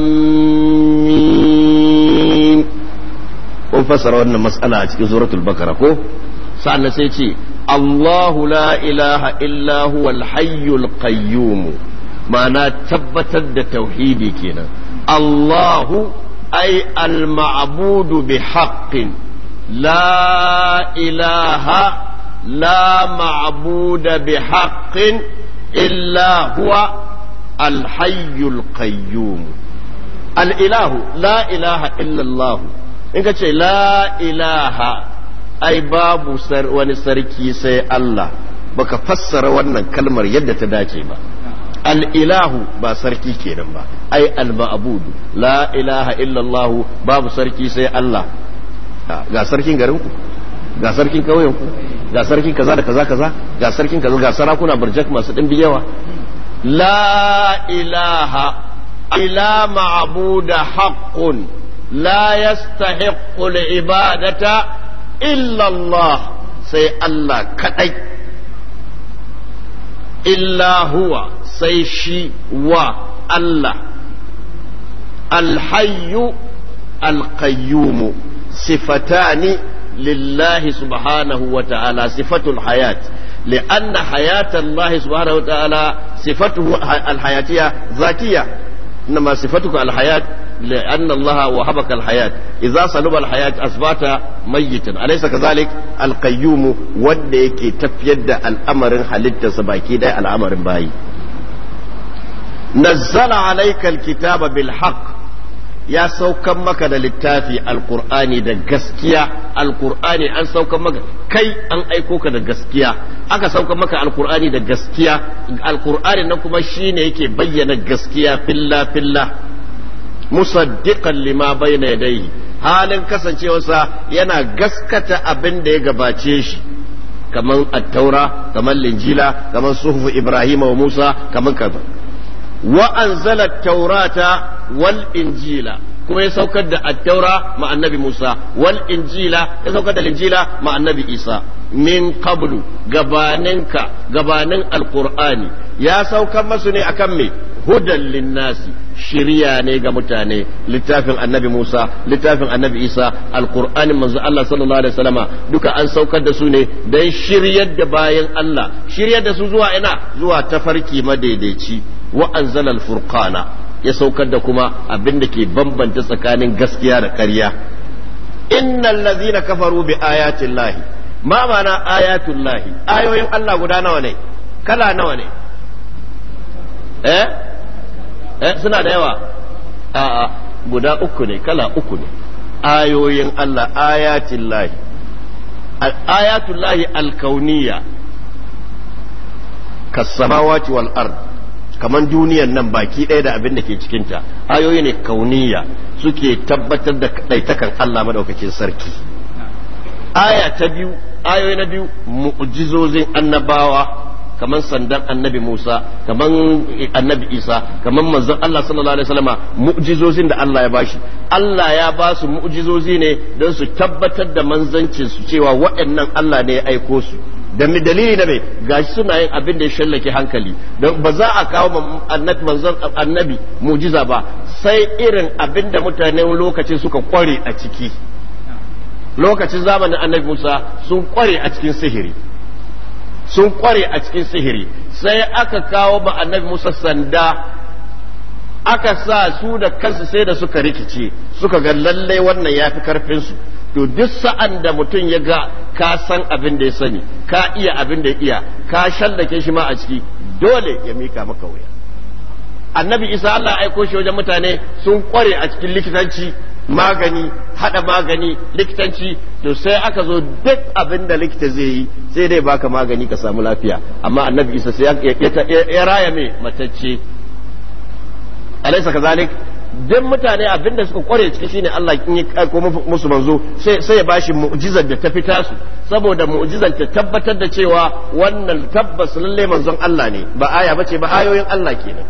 mim kun fassara wannan mas'ala a cikin suratul bakara ko sa'an sai ce Allahu la ilaha illa huwal hayyul kayyumu. ma'ana tabbatar da tauhidi kenan allahu ai al-ma'budu bi haqqin la ilaha la ma'buda bi haqqin illa huwa al la ilaha illa in ka ce la ilaha ai babu wani sarki sai allah baka fassara wannan kalmar yadda ta dace ba al'ilahu ba sarki kenan ba ai al-ma'budu la ilaha illallahu babu sarki sai Allah ah, ga sarkin garinku ga sarkin kauyenku ga sarkin kaza da kaza kaza ga sarkin kaza ga sarakuna burjak masu dimbi yawa la ilaha ila ma'buda haqqun la yastahiqqu al-ibadata illa sai Allah kaɗai. illa huwa sai shi wa Allah alhayyu alqayyumu sifatani lillahi subhanahu wa ta'ala sifatul hayat لأن حياة الله سبحانه وتعالى صفته الحياتية ذاتية إنما صفتك الحياة لأن الله وهبك الحياة إذا سلب الحياة أثبات ميتا أليس كذلك القيوم وديك تفيد الأمر حلت سباكي ده الأمر باي نزل عليك الكتاب بالحق ya saukan maka da littafi alkur'ani da gaskiya alkur'ani an saukan maka kai an aiko ka da gaskiya aka saukan maka alkur'ani da gaskiya alkur'ani na kuma shine yake bayyana gaskiya filla filla musaddiqan lima bayna yadayhi halin kasancewarsa yana gaskata abin da ya gabace shi kaman attaura kaman linjila kaman suhufu ibrahima wa musa kaman kaza wa anzala taurata wal injila kuma ya saukar da at-taura ma annabi Musa wal injila ya saukar da injila ma annabi Isa min qablu gabaninka gabanin alqur'ani ya saukar masu ne akan me hudan linnasi shiriya ne ga mutane littafin annabi Musa littafin annabi Isa alqur'ani manzo Allah sallallahu alaihi wasallama duka an saukar da su ne dan shiryar da bayan Allah shiryar da su zuwa ina zuwa tafarki madaidaici wa anzalal furqana ya saukar da kuma abin da ke bambanta tsakanin gaskiya da ƙarya innal ladzina kafaru bi ayatin lahi ma mana ayatun lahi ayoyin Allah guda nawa ne kala nawa ne eh eh suna da yawa a'a guda uku ne kala uku ne ayoyin Allah ayatin lahi ayatul lahi alkauniya kasamawati wal ard kamar duniyar nan baki ɗaya da abin da ke cikinta ayoyi ne kauniya suke tabbatar da ɗaitakan Allah madaukakin sarki aya ta biyu ayoyi na biyu mu'jizozin annabawa kamar sandan annabi Musa kamar annabi Isa kamar manzon Allah sallallahu alaihi wasallama mu'jizozin da Allah ya bashi Allah ya ba su mu'jizozi ne don su tabbatar da manzancin su cewa waɗannan Allah ne ya aiko su da dalili na mai gashi suna yin abin da ya shallake hankali don ba za a kawo manzon annabi mujiza ba sai irin abin da mutanen lokacin suka kware a ciki lokacin zamanin annabi Musa sun kware a cikin sihiri sun kware a cikin sihiri sai aka kawo ba annabi Musa sanda aka sa su da kansu sai da suka rikice suka ga lallai wannan ya fi karfinsu to duk sa'an da mutum ya ga ka san abin da ya sani ka iya abin da ya iya ka shallake shi ma a ciki dole ya mika maka wuya annabi isa Allah aiko shi wajen mutane sun kware a cikin likitanci magani hada magani likitanci to sai aka zo duk abin da likita zai yi sai dai baka magani ka samu lafiya amma annabi isa sai ya raya mai matacce alaisa kazalik duk mutane abin da suka kware ciki shine Allah in ya ko musu manzo sai sai ya bashi mu'jizar da ta fita su saboda mu'jizar ta tabbatar da cewa wannan tabbas lalle manzon Allah ne ba aya bace ba ayoyin Allah kenan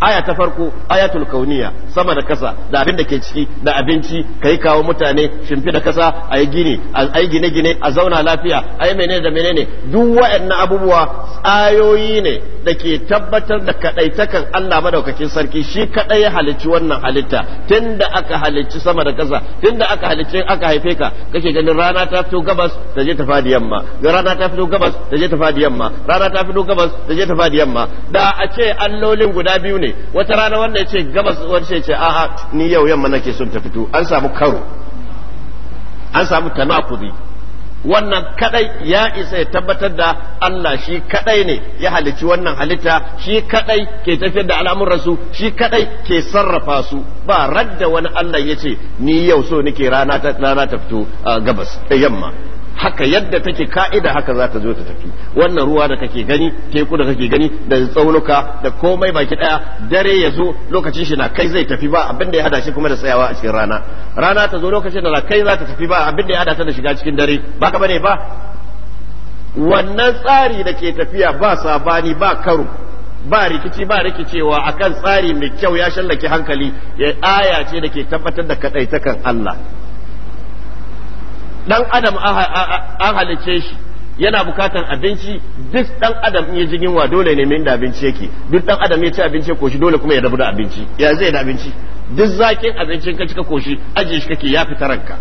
aya ta farko ayatul kauniya sama da kasa da abin da ke ciki da abinci kai kawo mutane shimfi da kasa a yi gini a yi gine gine a zauna lafiya a yi menene da menene duk waɗannan abubuwa tsayoyi ne da ke tabbatar da kadaitakan Allah madaukakin sarki shi kadai ya halicci wannan halitta tun da aka halicci sama da kasa da aka halicci aka haife ka kake ganin rana ta fito gabas ta je ta fadi yamma rana ta fito gabas ta je ta fadi yamma rana ta fito gabas ta je ta fadi yamma da a ce allolin guda biyu ne ne wata rana wanda ya ce gabas wanda ce a'a ni yau yamma nake son ta fito an samu karo an samu tanakuri wannan kadai ya isa ya tabbatar da Allah shi kadai ne ya halicci wannan halitta shi kadai ke tafiyar da al'amuransu shi kadai ke sarrafa su ba radda wani Allah ya ce ni yau so nake rana ta fito gabas da yamma haka yadda take ka'ida haka za ta zo ta tafi wannan ruwa da kake gani teku da kake gani da tsaunuka da komai baki daya dare ya zo lokacin shi na kai zai tafi ba abin da ya hada shi kuma da tsayawa a cikin rana rana ta zo lokacin da na kai za ta tafi ba abin da ya hada ta da shiga cikin dare ba ka bane ba wannan tsari da ke tafiya ba sabani ba karo ba rikici ba rikicewa akan tsari mai kyau ya shallake hankali ya aya ce da ke tabbatar da kadaitakan Allah dan adam an halice shi yana bukatan abinci duk dan adam ya ji yunwa dole ne da abinci yake duk dan adam ya ci abinci ko shi dole kuma ya rabu da abinci ya zai da abinci duk zakin abincin ka cika koshi aje shi kake ya fita ranka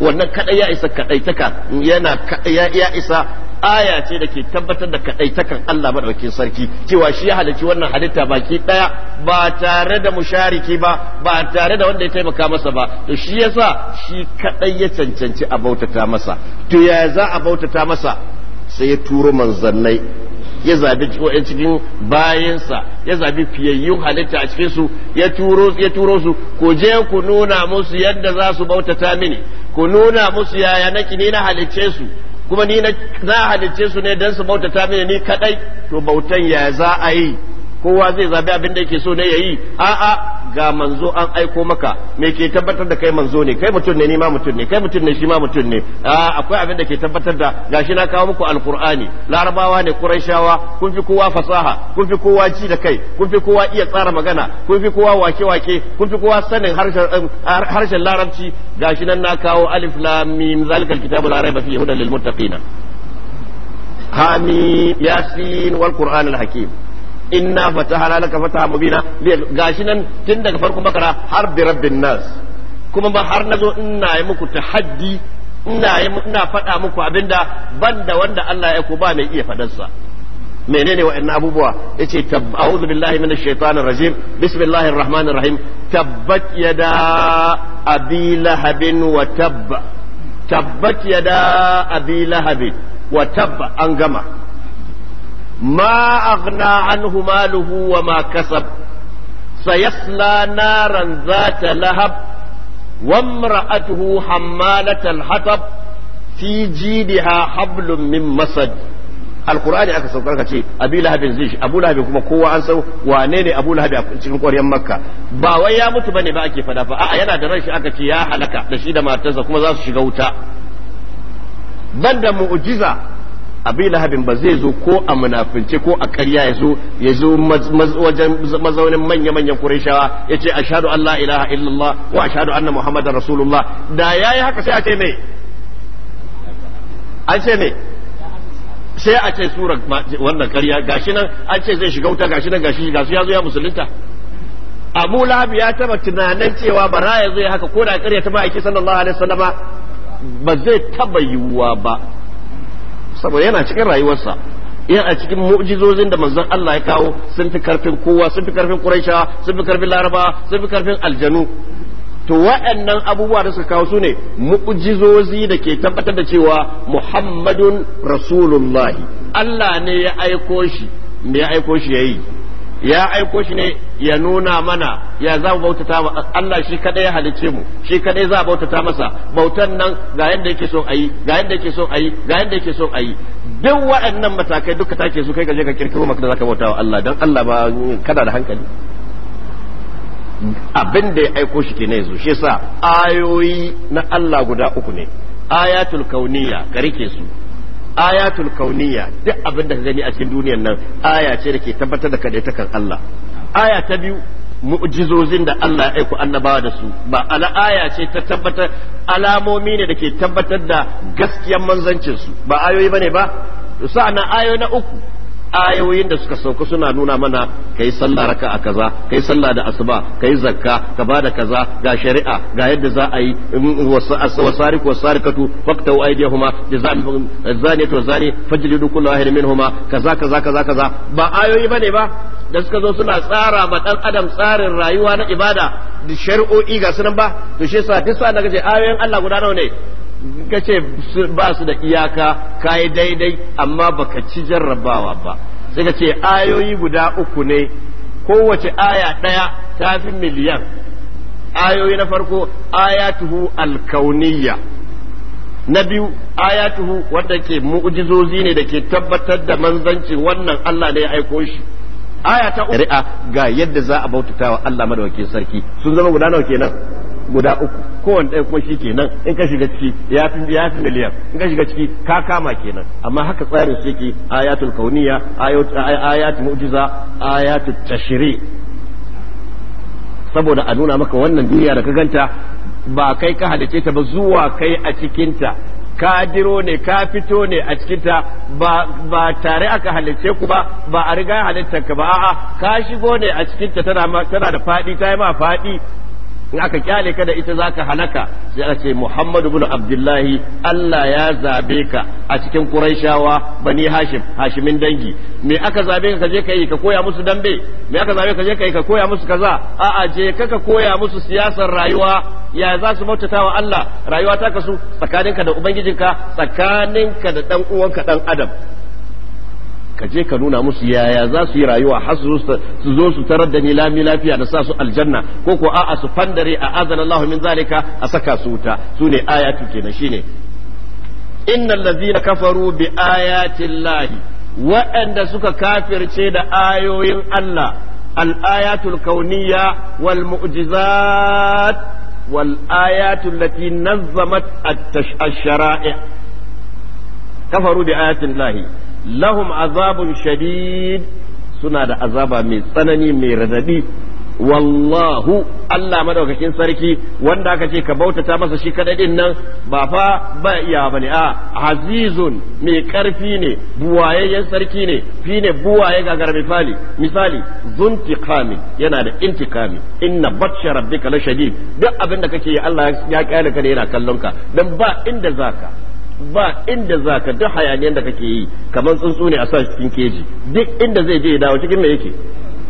wannan kadai ya isa kadai taka yana ya isa aya ce da ke tabbatar da kaɗaitakan Allah maɗaukin sarki cewa shi ya halarci wannan halitta baki ɗaya ba tare da mushariki ba ba tare da wanda ya taimaka masa ba to shi yasa shi kaɗai ya cancanci a bautata masa to ya za a bautata masa sai ya turo manzannai ya zabi cikin bayansa ya zabi fiyayyun halitta a cikin su ya turo ya turo su ku je ku nuna musu yadda za su bautata mini ku nuna musu yaya nake ne na halicce su kuma ni na halicce su ne don su bautata mini ni kadai to bautan ya za a yi kowa zai zabi abin da yake so ne yayi a'a ga manzo an aiko maka me ke tabbatar da kai manzo ne kai mutum ne ni ma mutum ne kai mutum ne shi ma mutum ne a akwai abin da ke tabbatar da gashi na kawo muku alqur'ani larabawa ne quraishawa kun fi kowa fasaha kun fi kowa ji da kai kun fi kowa iya tsara magana kun fi kowa wake wake kun fi kowa sanin harshen um, harshen larabci gashi nan na kawo alif lam mim zalikal kitabu la raiba fihi hudan lil muttaqina hamim yasin wal qur'anil hakim inna fatahana laka fataha mubina gashi nan tun daga farkon bakara har bi rabbin nas kuma ba har nazo ina yi muku tahaddi ina yi ina faɗa muku abinda banda wanda Allah ya ko ba mai iya fadarsa menene wa'annan abubuwa yace a'udhu billahi minash shaitanir rajim bismillahir rahmanir rahim tabbat yada abi lahabin wa tabba tabbat yada abi lahabin wa tabba an gama ما أغنى عنه ماله وما كسب سيصلى نارا ذات لهب وامرأته حمالة الحطب في جيدها حبل من مسد alkur'ani aka saukar ka ce abi zai abu lahabin kuma kowa an san wane ne cikin ƙwaryen makka ba wai ya mutu bane ba ake fada fa a'a yana da ran aka ce ya halaka da shi da matarsa kuma za su shiga wuta banda mu'jiza abi lahabin ba zai zo ko a munafince ko a ƙarya ya zo ya zo wajen mazaunin manya-manyan Qurayshawa ya ce a shaɗu Allah, ilaha illallah wa shaɗu anna muhammadan rasulullah da ya yi haka sai a ce me an ce me sai a ce sura wannan ƙarya gashi nan an ce zai shiga wuta gashi nan gashi su ya zo ya musulunta Abu Lahab ya taba tunanin cewa bara ya zo ya haka ko da ƙarya ta ma'aiki sallallahu alaihi wasallama ba zai taba yiwuwa ba saboda yana cikin rayuwarsa yana cikin mu'jizozin da manzon Allah ya kawo sun fi karfin kowa sun fi karfin Quraisha sun fi karfin Laraba sun fi karfin aljanu to waɗannan abubuwa da suka kawo su ne mu'jizozi da ke tabbatar da cewa Muhammadun Rasulullahi Allah ne ya aiko shi me ya aiko shi yayi ya aiko shi ne ya nuna mana ya za mu bautata wa Allah shi kadai ya halice mu shi kadai za a bautata masa bautan nan ga yanda yake son ayi ga yanda yake son ayi ga yanda yake son ayi duk waɗannan matakai duka take su kai gaje ka kirkiro maka da zaka bauta wa Allah dan Allah ba kada da hankali abin da ya aiko shi ke yanzu shi yasa ayoyi na Allah guda uku ne ayatul kauniya ka rike su ayatul kauniya duk abin da ka gani a cikin duniyar nan aya ce da ke tabbatar da takan Allah aya ta biyu mu'jizozin da Allah ya aiko annabawa da su ba ala aya ce ta tabbatar alamomi ne da ke tabbatar da gaskiyar manzancin su ba ayoyi bane ba sa'annan ayo na uku ayoyin da suka sauka suna nuna mana kai sallah raka a kaza kai sallah da asuba kai zakka ka bada kaza ga shari'a ga yadda za a yi wasariku wasarikatu faqtu aydihuma zani to zani fajlidu kullu minhuma kaza kaza kaza kaza ba ayoyi bane ba da suka zo suna tsara ma dan adam tsarin rayuwa na ibada da shari'o'i ga sunan ba to shi yasa duk sa kace ayoyin Allah guda nawa ne ka ce ba su da iyaka ka yi daidai amma baka ci jarrabawa ba sai ka ce ayoyi guda uku ne kowace aya ɗaya ta fi miliyan ayoyi na farko ayatuhu alkauniyya na biyu ayatuhu wanda ke mu'jizozi ne da ke tabbatar da manzancin wannan Allah ne ya aiko shi aya ta ga yadda za a bautata wa Allah madawakin sarki sun zama guda nawa kenan guda uku kowane ɗaya kuma shi kenan in ka shiga ciki ya fi miliyan in ka shiga ciki ka kama kenan amma haka tsarin su yake ayatul kauniya ayatul mu'jiza ayatul tashri saboda a nuna maka wannan duniya da ka ganta ba kai ka halice ta ba zuwa kai a cikinta ka diro ne ka fito ne a cikinta ba tare aka halice ku ba ba a riga halittar ka ba a'a ka shigo ne a cikinta tana da faɗi ta yi ma faɗi in aka kyale ka da ita zaka halaka sai a ce Muhammadu ibn Abdullahi Allah ya zabe ka a cikin Qurayshawa bani Hashim Hashimin dangi me aka zabe ka je kai ka koya musu dambe me aka zabe ka je kai ka koya musu kaza a'a je ka ka koya musu siyasar rayuwa ya za su bautata wa Allah rayuwa ta kasu tsakaninka da ubangijinka tsakaninka da dan uwanka dan adam ka je ka nuna musu yaya za su yi rayuwa har su zo su tarar da ni lami lafiya da sa su aljanna ko ko a'a su fandare a azan Allah min zalika a saka su wuta su ne ayatu kenan shine innal ladzina kafaru bi ayati llahi waɗanda suka kafirce da ayoyin Allah al-ayatul wal mu'jizat wal ayatul lati nazzamat at-shara'i kafaru bi ayatin llahi lahum azabun shadid suna da azaba mai tsanani mai radadi wallahu Allah madaukakin sarki wanda aka ce ka bautata masa shi kadai nan ba fa ba iya bane a azizun mai karfi ne buwayayyen sarki ne fi ne buwaye gagar misali misali zuntiqami yana da intikami inna batsha rabbika la shadid duk abin da kake yi Allah ya kyale ka da yana kallon ka dan ba inda zaka ba inda za ka duk hayaniyar da kake yi kamar tsuntsu ne a sa cikin keji duk inda zai je ya dawo cikin me yake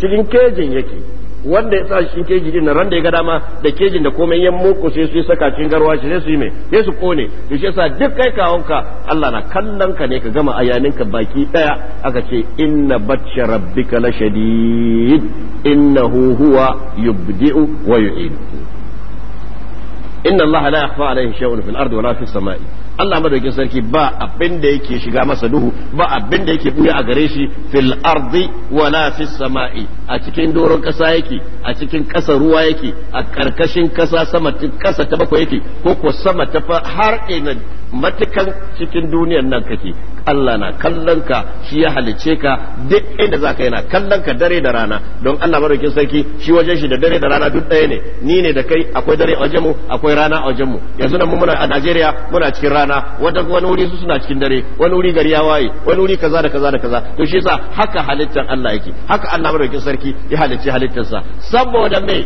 cikin kejin yake wanda ya sa cikin keji din ran da ya ga dama da kejin da komai ya moko sai su saka cikin garwa shi sai su yi mai sai su kone to shi yasa duk kai kawonka Allah na kallon ka ne ka gama ka baki daya aka ce inna bacci rabbika la shadid innahu huwa yubdi'u wa yu'idu inna Allah la yakhfa alayhi shay'un fil ardi wa la fis sama'i Allah madaukin sarki ba abin da yake shiga masa duhu ba abin da yake buya a gare shi fil ardi wala fis sama'i a cikin doron kasa yake a cikin kasa ruwa yake a karkashin kasa sama kasa ta bakwai yake ko ko sama ta har ina matukan cikin duniyar nan kake Allah na kallon ka shi ya halice ka duk inda za ka yana kallon ka dare da rana don Allah maraukin sarki shi wajen shi da dare da rana duk ɗaya ne ni ne da kai akwai dare a wajenmu akwai rana a wajenmu yanzu nan muna a Najeriya muna cikin rana wata wani wuri su suna cikin dare wani wuri gari ya waye wani wuri kaza da kaza da kaza to shi yasa haka halittar Allah yake haka Allah maraukin sarki ya halicci halittarsa saboda me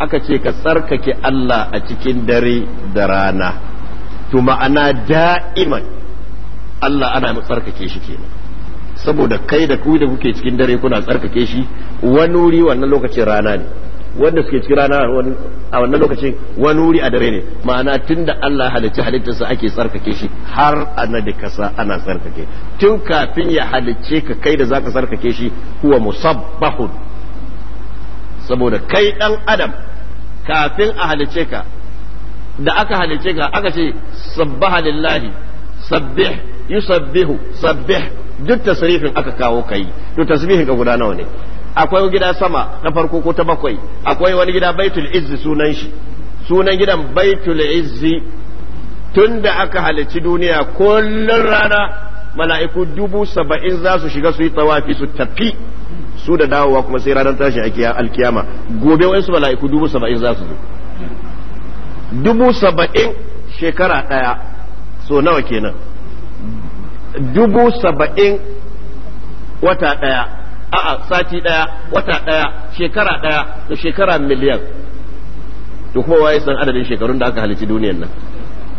aka ce ka tsarkake Allah a cikin dare da rana to ma'ana da'iman Allah ana tsarkake shi kenan saboda kai da ku da kuke cikin dare kuna tsarkake shi wani wuri wannan lokacin rana ne wanda suke cikin rana a wannan lokacin wani wuri a dare ne ma'ana tun da Allah halicci halittarsa ake tsarkake shi har ana da kasa ana tsarkake tun kafin ya halicce ka kai da zaka tsarkake shi huwa musabbahun saboda kai dan adam kafin a halicce ka da aka halice ka aka ce sabbaha lillahi sabbih yusabbihu sabbih duk tasrifin aka kawo kai to tasbihin ka guda nawa ne akwai gida sama na farko ko ta bakwai akwai wani gida baitul izzi sunan shi sunan gidan baitul izzi tunda aka halici duniya kullun rana mala'iku dubu saba'in za su shiga su yi tawafi su tafi su da dawowa kuma sai ranar tashin alkiyama gobe wa'insu mala'iku dubu saba'in za su zo dubu saba'in shekara ɗaya so nawa kenan dubu saba'in wata ɗaya a'a sati ɗaya wata ɗaya shekara ɗaya da shekara miliyan to kuma waye san adadin shekarun da aka halici duniyan nan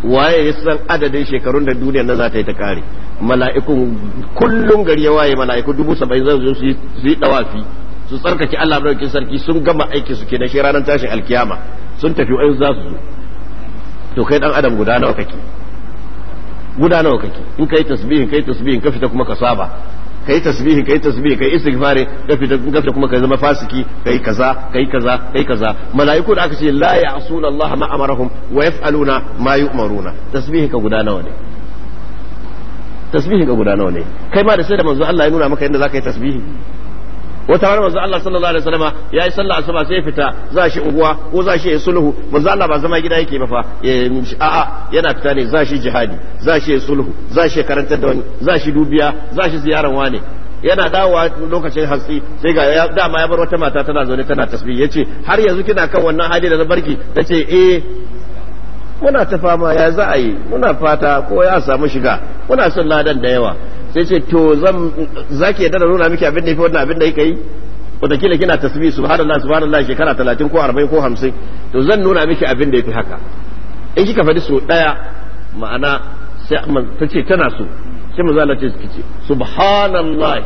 waye ya san adadin shekarun da duniyan nan za ta yi ta kare mala'ikun kullum gari ya waye mala'iku dubu saba'in zan zo su yi dawafi su tsarkake Allah madaukakin sarki sun gama aiki su na shi ranar tashin alkiyama sun tafi wa'in za su zo to kai dan adam guda nawa kake guda nawa kake in kai tasbihin kai tasbihin ka fita kuma ka saba kai tasbihi kai tasbihi kai istighfari ka fita ka fita kuma ka zama fasiki kai kaza kai kaza kai kaza malaiku da aka ce la ya'suna Allah ma amarahum wa yaf'aluna ma yu'maruna tasbihi ka guda nawa ne tasbihi ka guda nawa ne kai ma da sai da manzo Allah ya nuna maka yadda zaka yi tasbihi wata rana manzo Allah sallallahu alaihi wasallam yayi sallah asuba sai fita za shi uguwa ko za shi sulhu manzo Allah ba zama gida yake ba fa a'a yana fita ne za shi jihadi za shi sulhu za shi karantar da wani za shi dubiya za shi ziyaran wani yana dawowa lokacin hatsi. sai ga dama ya bar wata mata tana zaune tana tasbih yace har yanzu kina kan wannan hali da barki tace eh muna ta fama ya za a yi muna fata ko ya samu shiga muna son ladan da yawa sai ce to zan zaki yadda da nuna miki abin da yake wannan abin da yake yi wataƙila kina tasbih subhanallah subhanallah shekara 30 ko 40 ko 50 to zan nuna miki abin da yafi haka in kika faɗi so ɗaya ma'ana sai ta ce tana so sai mu Allah ce kice subhanallah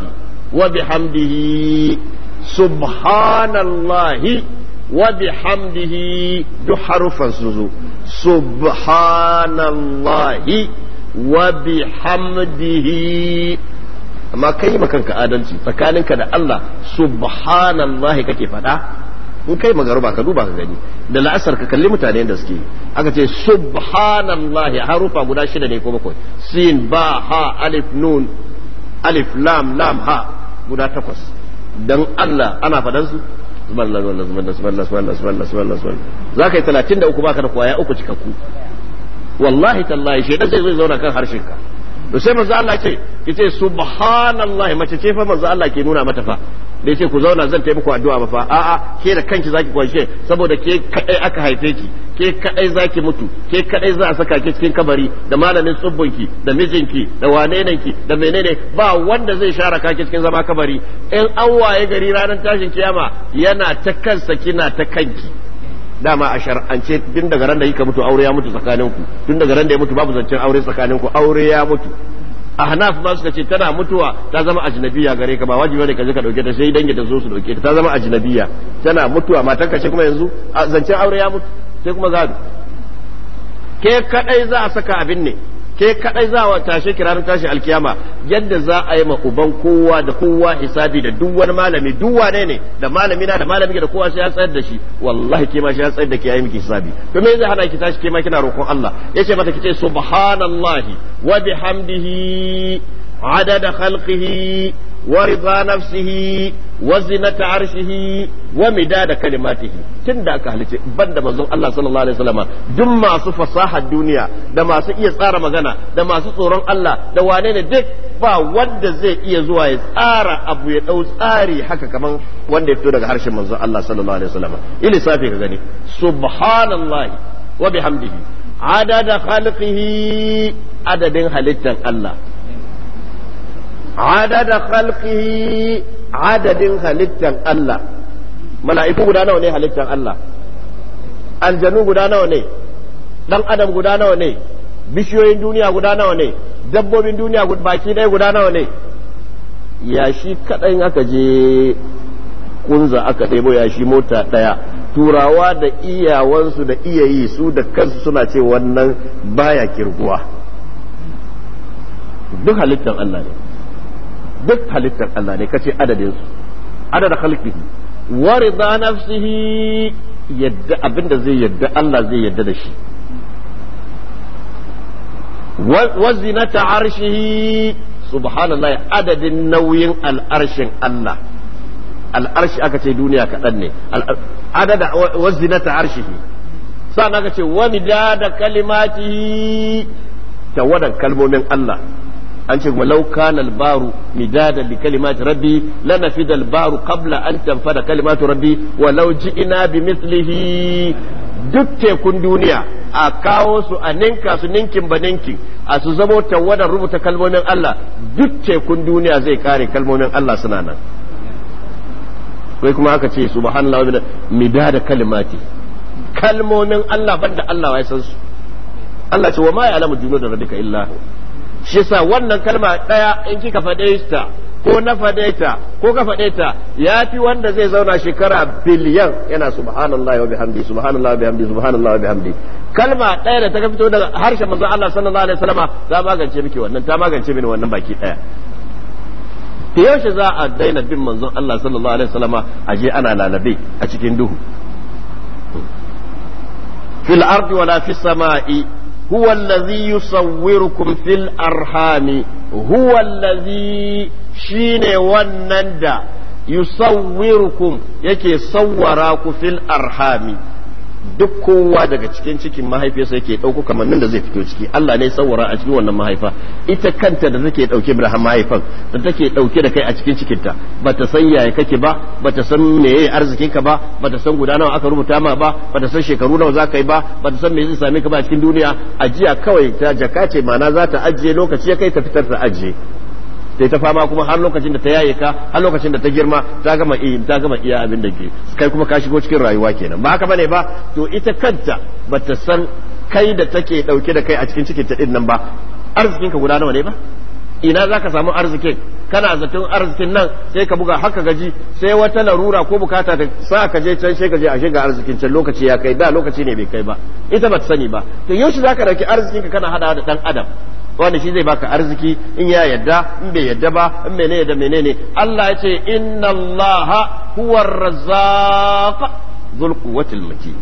wa bihamdihi subhanallah wa bihamdihi duk harufan su zo subhanallah wa bihamdihi amma kai ma kanka adalci tsakaninka da Allah subhanallahi kake faɗa in kai magaruba ka duba ka gani da la'asar ka kalli mutane da suke aka ce subhanallahi harufa guda shida ne ko bakwai sin ba ha alif nun alif lam lam ha guda takwas dan Allah ana fadan su subhanallah subhanallah subhanallah subhanallah subhanallah subhanallah zaka yi 33 baka da kwaya uku cikakku wallahi tallahi shi da zai zauna kan harshen ka to sai manzo Allah ce yace subhanallahi mace ce fa manzo Allah ke nuna mata fa da yace ku zauna zan taimaka taimaku addu'a ba fa a'a ke da kanki zaki kwashe saboda ke kadai aka haife ki ke kadai zaki mutu ke kadai za a saka ki cikin kabari da malamin ki da mijinki da ki da menene ba wanda zai share ka cikin zama kabari in an waye gari ranar tashin kiyama yana ta kansa kina ta kanki dama a shar'ance tun daga ran da kika mutu aure ya mutu tsakaninku tun daga ran da ya mutu babu zancen aure tsakaninku aure ya mutu A hanaf ba suka ce tana mutuwa ta zama ajnabiya gare ka ba wajibi ne ka je ka dauke ta sai dangi ta zo su dauke ta ta zama ajnabiya tana mutuwa matan ka ce kuma yanzu zancen aure ya mutu sai kuma gado ke kadai za a saka abin ne ke kadai za wa tashe kirarin tashi alkiyama yadda za a yi ma uban kowa da kowa hisabi da duk wani malami duk wane ne da malami na da malami da kowa sai ya tsayar da shi wallahi kima shi ya tsayar da ke yayi miki hisabi to me zai hana ki tashi kima kina roƙon Allah yace mata kice subhanallahi wa bihamdihi عدد خلقه ورضا نفسه وزنة عرشه ومداد كلماته تندا كهلتي بند مزون الله صلى الله عليه وسلم دم ما فصاحة الدنيا دم ما سو يسار مغنى دم ما سو الله دوانين دك با ود زي يزوا يسار أبو يدو ساري حكا كمان ود يفتو حرش منزون الله صلى الله عليه وسلم إلي سافي كغني سبحان الله وبحمده عدد خلقه عدد خلقه الله adada خلقه adadin خلقت الله mala'iku guda nawa ne الله Allah aljanu guda nawa ne dan adam guda nawa ne bishiyoyin duniya guda nawa ne dabbobin duniya baki guda nawa ne yashi kaɗai aka je kunza aka ɗebo yashi mota ɗaya turawa da iyawansu da iyayi su da kansu suna ce wannan baya kirguwa duk halittar Allah ne duk halittar Allah ne kace adadin su adada khalqihi wa rida nafsihi yadda abinda zai yadda Allah zai yadda da shi wa zinata arshihi subhanallahi adadin nauyin al'arshin Allah al'arshi aka ce duniya kaɗan ne adada wa zinata arshihi sannan aka ce wa midada kalimatihi tawadan kalmomin Allah an ce walau kana albaru midadan bi kalimati rabbi lanafida albaru qabla an tanfada kalimatu rabbi walau ji'ina bi mislihi duk tekun duniya a kawo su a ninka su ninkin ba ninkin a su zamo tawadar rubuta kalmomin Allah duk tekun duniya zai kare kalmomin Allah suna nan sai kuma aka ce subhanallah wa midada kalimati kalmomin Allah banda Allah ya san su Allah ce wa ma ya alamu juno da rabbika illahu shi sa wannan kalma ɗaya in kika faɗe ta ko na faɗe ta ko ka faɗe ta ya fi wanda zai zauna shekara biliyan yana subhanallah wa bihamdi subhanallah wa bihamdi subhanallah wa bihamdi kalma ɗaya da ta fito daga harshen manzon Allah sallallahu alaihi wasallama ta magance miki wannan ta magance mini wannan baki ɗaya yaushe za a daina bin manzon Allah sallallahu alaihi wasallama a je ana lalabe a cikin duhu fil ardi wala fis sama'i هو الذي يصوركم في الأرحام هو الذي شين ونندا يصوركم يكي صوراك في الأرحام duk kowa daga cikin cikin mahaifiyarsa yake ɗauko kamannin da zai fito ciki Allah ne saurara a cikin wannan mahaifa ita kanta da take ɗauke da mahaifan da take ɗauke da kai a cikin cikinta ba ta san yaya kake ba ba ta san meye arzikin ka ba ba ta san guda nawa aka rubuta ma ba ba ta san shekaru nawa za ka yi ba ba ta san me zai same ka ba a cikin duniya ajiya kawai ta jaka ce ma'ana za ta ajiye lokaci ya kai ta fitar ta ajiye sai ta fama kuma har lokacin da ta yaye ka har lokacin da ta girma ta gama iya ta gama iya abin da ke kai kuma ka shigo cikin rayuwa kenan ba haka bane ba to ita kanta ba ta san kai da take dauke da kai a cikin cikin ta din nan ba arzikin ka guda nawa ne ba ina zaka samu arzikin kana zaton arzikin nan sai ka buga haka gaji sai wata larura ko bukata ta sa ka je can sai ka je a shiga arzikin can lokaci ya kai da lokaci ne bai kai ba ita ba ta sani ba to yaushe zaka dauki arzikin ka kana hada da dan adam wanda shi zai baka arziki in ya yadda in bai yadda ba in menene da menene Allah ya ce inna Allah huwa razzaq dhul quwwatil matin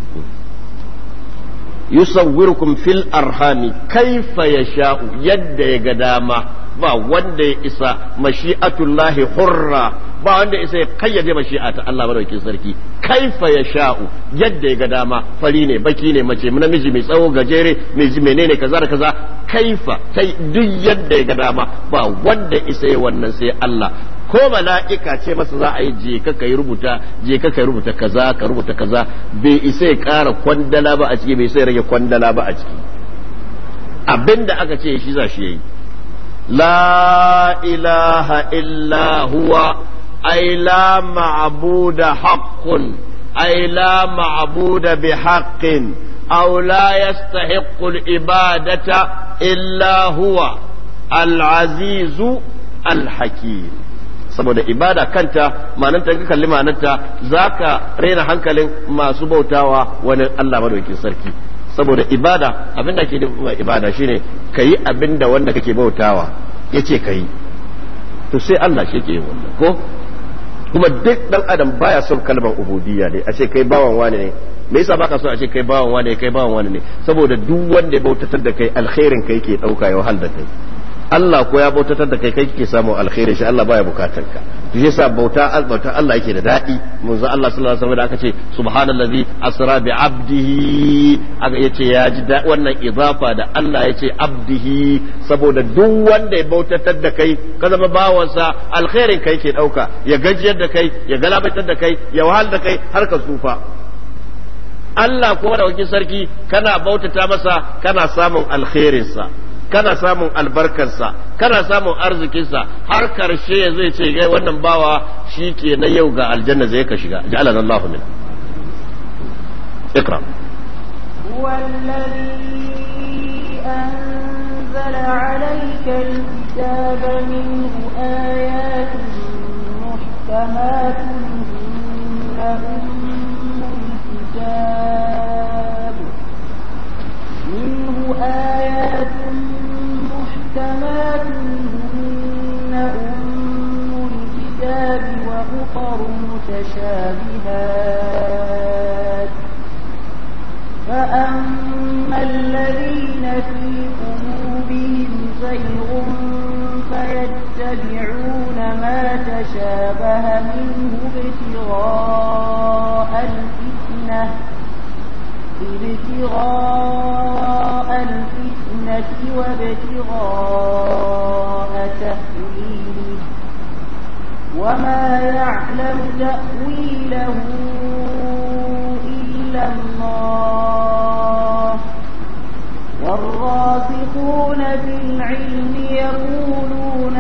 yusawwirukum fil arhami kaifa yasha'u yadda ya ga dama ba wanda ya isa mashi'atullahi hurra ba wanda isa ya kayyade a ta Allah madaukakin sarki kaifa ya sha'u yadda ya ga dama fari ne baki ne mace namiji mai tsawo gajere mai ji menene kaza da kaza kaifa sai duk yadda ya ga dama ba wanda isa ya wannan sai Allah ko mala'ika ce masa za a yi je ka kai rubuta je ka kai rubuta kaza ka rubuta kaza bai isa ya kara kwandala ba a ciki bai isa ya rage kwandala ba a ciki abinda aka ce shi za shi yayi la ilaha illa huwa أي لا معبود حق أي لا معبود بحق أو لا يستحق الإبادة إلا هو العزيز الحكيم saboda ibada kanta mananta ka kalli mananta zaka rena hankalin masu bautawa wani Allah madaukakin sarki saboda ibada abinda ke nufin ibada shine kayi abinda wanda kake bautawa yace kayi to sai Allah shi yake yi wannan ko kuma duk dan adam baya son kalmar ubudiyya ne a ce kai bawan wani ne me yasa baka so a ce kai bawan wani ne kai bawan wani ne saboda duk wanda ya bautatar da kai alkhairin kai ke dauka ya wahal da kai Allah ko ya bautatar da kai kai kike samu alkhairi shi Allah baya bukatar ka to yasa bauta bauta Allah yake da dadi manzo Allah sallallahu alaihi wasallam da aka ce subhanallazi asra bi abdihi aka yace ya ji da wannan idafa da Allah yace abdihi saboda duk wanda ya bautatar da kai ka zama bawansa alkhairin kai ke dauka ya gajiyar da kai ya galabaitar da kai ya wahal da kai har ka tsufa Allah ko da sarki kana bautata masa kana samun alkhairinsa kana samun albarkarsa kana samun arzikinsa har karshe zai ce gai wannan bawa shi ke na yau ga aljanna zai ka shiga ja'alana Allah min ikra أنزل عليك الكتاب منه آيات محكمات هن أم الكتاب منه آيات كما فيهن أم الكتاب وأخر متشابهات فأما الذين في قلوبهم زيغ فيتبعون ما تشابه منه ابتغاء الفتنة ابتغاء الفتنة وابتغاء تأويله إلا الله والراسخون في العلم يقولون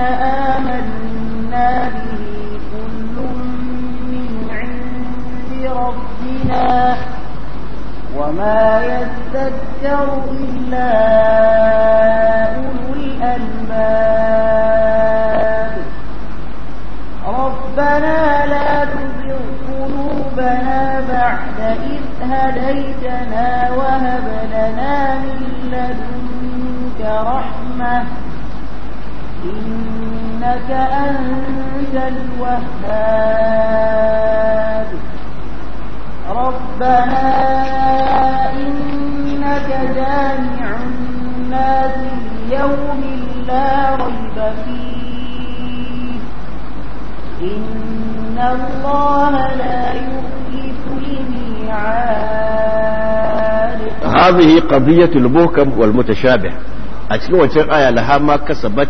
آمنا به كل من عند ربنا وما يذكر إلا hadhihi qadiyatul muhkam wal mutashabih a cikin wancan aya laha ma kasabat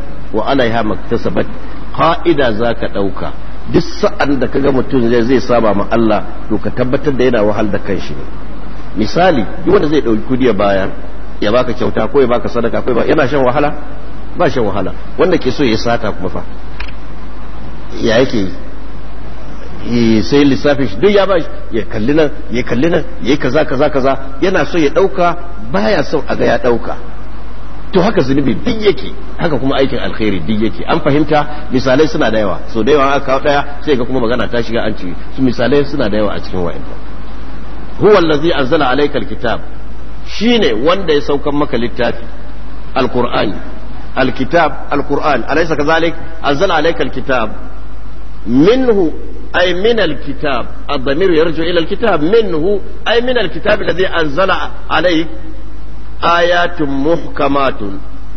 zaka dauka duk sa'an da kaga mutum zai saba ma Allah to tabbatar da yana wahal da kanshi ne misali duk wanda zai dauki kudi ya bayar ya baka kyauta ko ya baka sadaka ko ba yana shan wahala ba shan wahala wanda ke so ya sata kuma fa ya yake yi sai lissafin shi duk ya ba ya kalli nan ya kalli nan ya yi kaza kaza kaza yana so ya dauka baya so a ga ya dauka to haka zunubi duk yake haka kuma aikin alkhairi duk yake an fahimta misalai suna da yawa so da yawa aka kawo daya sai ga kuma magana ta shiga an ci su misalai suna da yawa a cikin wa'annan huwa allazi anzala alayka alkitab shine wanda ya saukan maka littafi alqur'ani alkitab alqur'an alaysa kazalik anzala alayka alkitab minhu أي من الكتاب الضمير يرجع إلى الكتاب منه أي من الكتاب الذي أنزل عليه آيات محكمات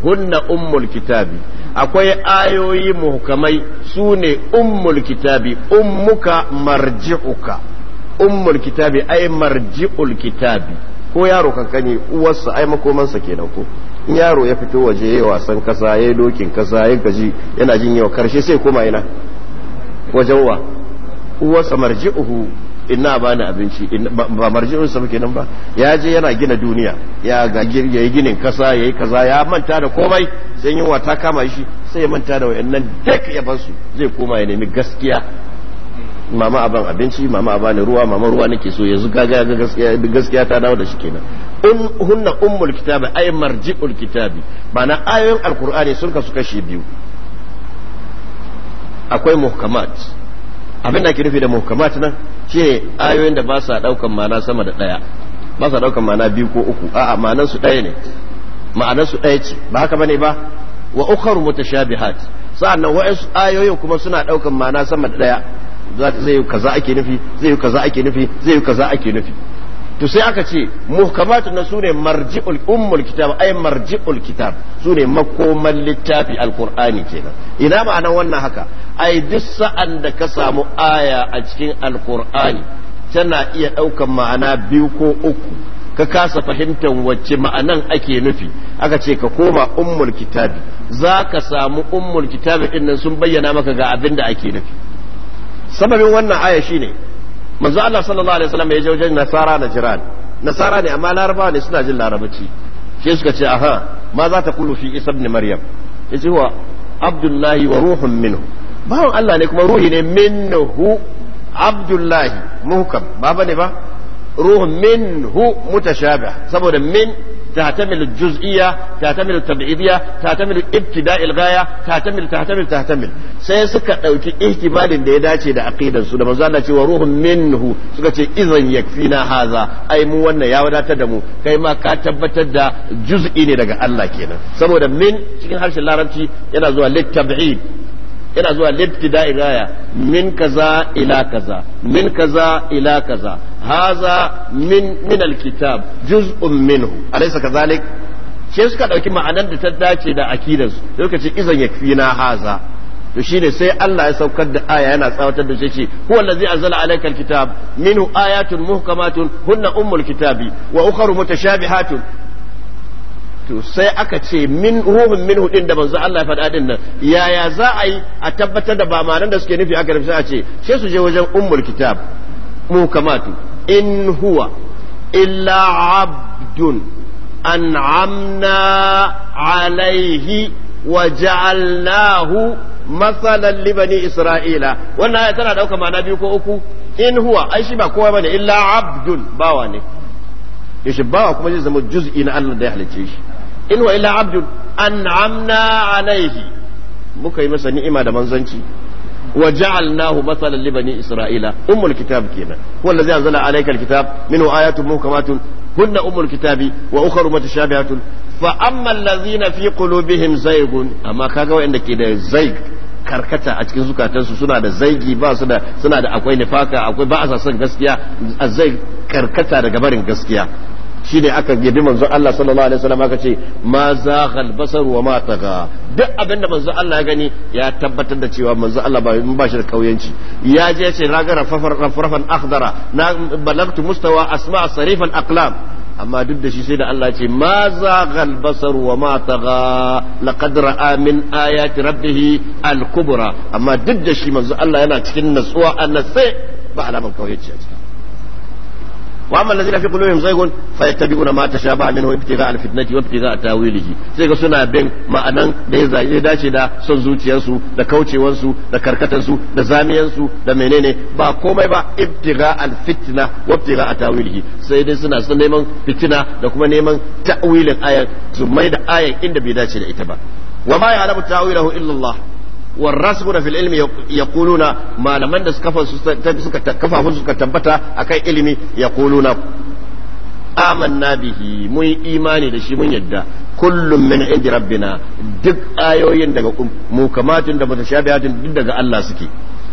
هن أم الكتاب akwai ayoyi muhkamai سوني أم ummul kitabi ummuka marji'uka ummul kitabi مرجع marji'ul kitabi ko yaro kankani uwarsa ai makomansa kenan ko in yaro ya fito waje ya wasan kasa ya dokin kasa ya gaji yana jin yawa karshe sai koma ina wajen wa uwarsa marji'uhu inna bani abinci ba marji'un sa nan ba ya je yana gina duniya ya ga yayi ginin kasa yayi kaza ya manta da komai sai yin ta kama shi sai ya manta da wayannan duk ya basu zai koma ya nemi gaskiya mama aban abinci mama abani ruwa mama ruwa nake so yanzu ga gaskiya gaskiya ta dawo da shi kenan in hunna ummul kitabi ay marji'ul kitabi bana ayoyin alqur'ani sun kasu kashi biyu akwai muhkamat abin da ake nufi da muhkamat nan ne ayoyin da ba sa daukan ma'ana sama da daya ba sa daukan ma'ana biyu ko uku a'a ma'anar su daya ne ma'anar su daya ce ba haka bane ba wa ukhar mutashabihat sa'annan wa'ansu ayoyin kuma suna daukan ma'ana sama da daya zai kaza ake nufi zai kaza ake nufi zai kaza ake nufi to sai aka ce muhkamatu na sune marji'ul ummul kitab ay marji'ul kitab sune makoman littafi alqur'ani kenan ina ma'anar wannan haka ai duk sa'an da ka samu aya a cikin alqur'ani tana iya ɗaukan ma'ana biyu ko uku ka kasa fahimtar wacce ma'anan ake nufi aka ce ka koma ummul kitabi za ka samu ummul kitabi ɗin sun bayyana maka ga abin da ake nufi sababin wannan aya shine manzo Allah sallallahu alaihi wasallam ya je wajen nasara na jiran nasara ne amma larabawa ne suna jin larabaci sai suka ce aha ma za ta Kulu fi isa ibn maryam yace wa abdullahi wa ruhun minhu bawan Allah ne kuma ruhi ne minhu abdullahi muhkam ba ne ba ruhun minhu mutashabih saboda min تحتمل الجزئية تحتمل التبعيدية تحتمل ابتداء الغاية تحتمل تحتمل تحتمل sai suka ɗauki ihtimalin da ya dace da aqidan su da manzo Allah cewa ruhun minhu suka ce idan yakfina haza ai mu wannan ya wadatar da mu kai ma ka tabbatar da juz'i ne daga Allah kenan saboda min cikin harshen larabci yana zuwa litab'id yana zuwa libtida'i gaya min kaza ila kaza min kaza ila kaza haza min min alkitab juz'un minhu alaysa kazalik sai suka ɗauki ma'anar da ta dace da akidar su sai ya fi na haza to shine sai Allah ya saukar da aya yana tsawatar da shi huwa allazi anzala alayka alkitab minhu ayatun muhkamatun hunna ummul kitabi wa ukharu mutashabihatun to sai aka ce min ruhun min din da manzo Allah ya faɗa din nan yaya za a yi a tabbatar da ba ma'anar da suke nufi aka su a ce sai su je wajen ummul kitab muhkamatun in huwa illa abdun an'amna alaihi wa ja'alnahu masalan isra'ila wannan aya tana dauka ma'ana biyu ko uku in huwa ai bane illa abdun bawa ne yashi bawa kuma zai zama juz'i na Allah da ya halicce shi in huwa illa abdun an'amna alaihi muka yi masa ni'ima da manzanci وجعلناه مثلا لبني إسرائيل أم الكتاب كينا هو الذي أنزل عليك الكتاب منه آيات محكمات هن أم الكتاب وأخر متشابهات فأما الذين في قلوبهم زيغ أما كاكا وإنك زيغ karkata a cikin zukatansu suna da zaigi ba su da suna da akwai nifaka akwai ba a son gaskiya a zai karkata daga barin gaskiya ne aka yabi manzon Allah sallallahu alaihi wasallam aka ce ma zaghal basar wa ma taga duk abin da manzon Allah ya gani ya tabbatar da cewa manzon Allah ba ba shi da kauyanci ya je ce raga rafafar rafrafan akhdara na balagtu mustawa asma sarifan aqlam amma duk da shi sai da Allah ce ma zaghal basar wa ma taga laqad ra'a min ayati rabbih al-kubra amma duk da shi manzon Allah yana cikin natsuwa annasai ba alaman kauyanci a واما الذين في قلوبهم زيغ فيتبعون ما تشابه منه ابتغاء الفتنه وابتغاء تاويله sai ga suna bin ma'anan da ya zai dace da son zuciyarsu da kaucewarsu da karkatarsu da zamiyansu da menene ba komai ba ibtiga alfitna wa ibtiga tawilihi sai dai suna son neman fitina da kuma neman ta'wilin ayan su mai da ayan inda bai dace da ita ba wa ma ya'lamu ta'wilahu illa Allah warasbuna fil ilmi yaquluna malaman da suka kafa su suka tabbata akan ilimi yaquluna amanna bihi mun imani da shi mun yadda kullum min indi rabbina duk ayoyin daga mu kamatun da mutashabihatin duk daga Allah suke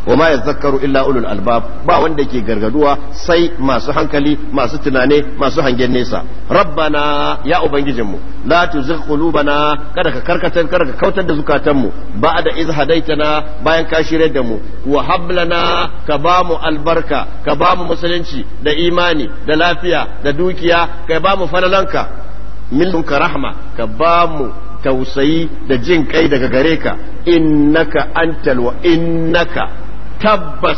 wa ma yadhakkaru illa ulul albab ba wanda ke gargaduwa sai masu hankali masu tunane masu hangen nesa rabbana ya mu la tuzigh qulubana kada ka karkatar kada ka kautar da zukatanmu da iz hadaitana bayan ka shirye da mu wa hablana ka ba mu albarka ka ba mu musulunci da imani da lafiya da dukiya ka ba mu falalanka min ka rahma ka ba mu tausayi da jin kai daga gare ka innaka antal wa innaka tabbas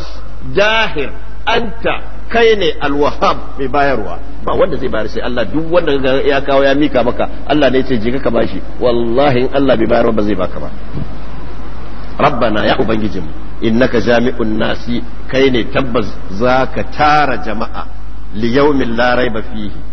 dahir anta kai ne alwahab mai bayarwa ba wanda zai bayar sai Allah duk wanda ya kawo ya mika maka Allah ne ce je ka bashi wallahi in Allah bai bayar ba zai baka ba rabbana ya ubangijinmu innaka jami'un nasi kai ne tabbas zaka tara jama'a liyaumin la raiba fihi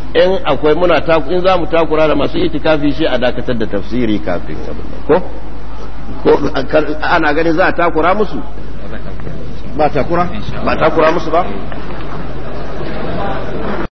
in akwai muna in za mu takura da masu itikafi shi a dakatar da tafsiri kafin ko ko ana ganin za a takura musu ba takura ba takura musu ba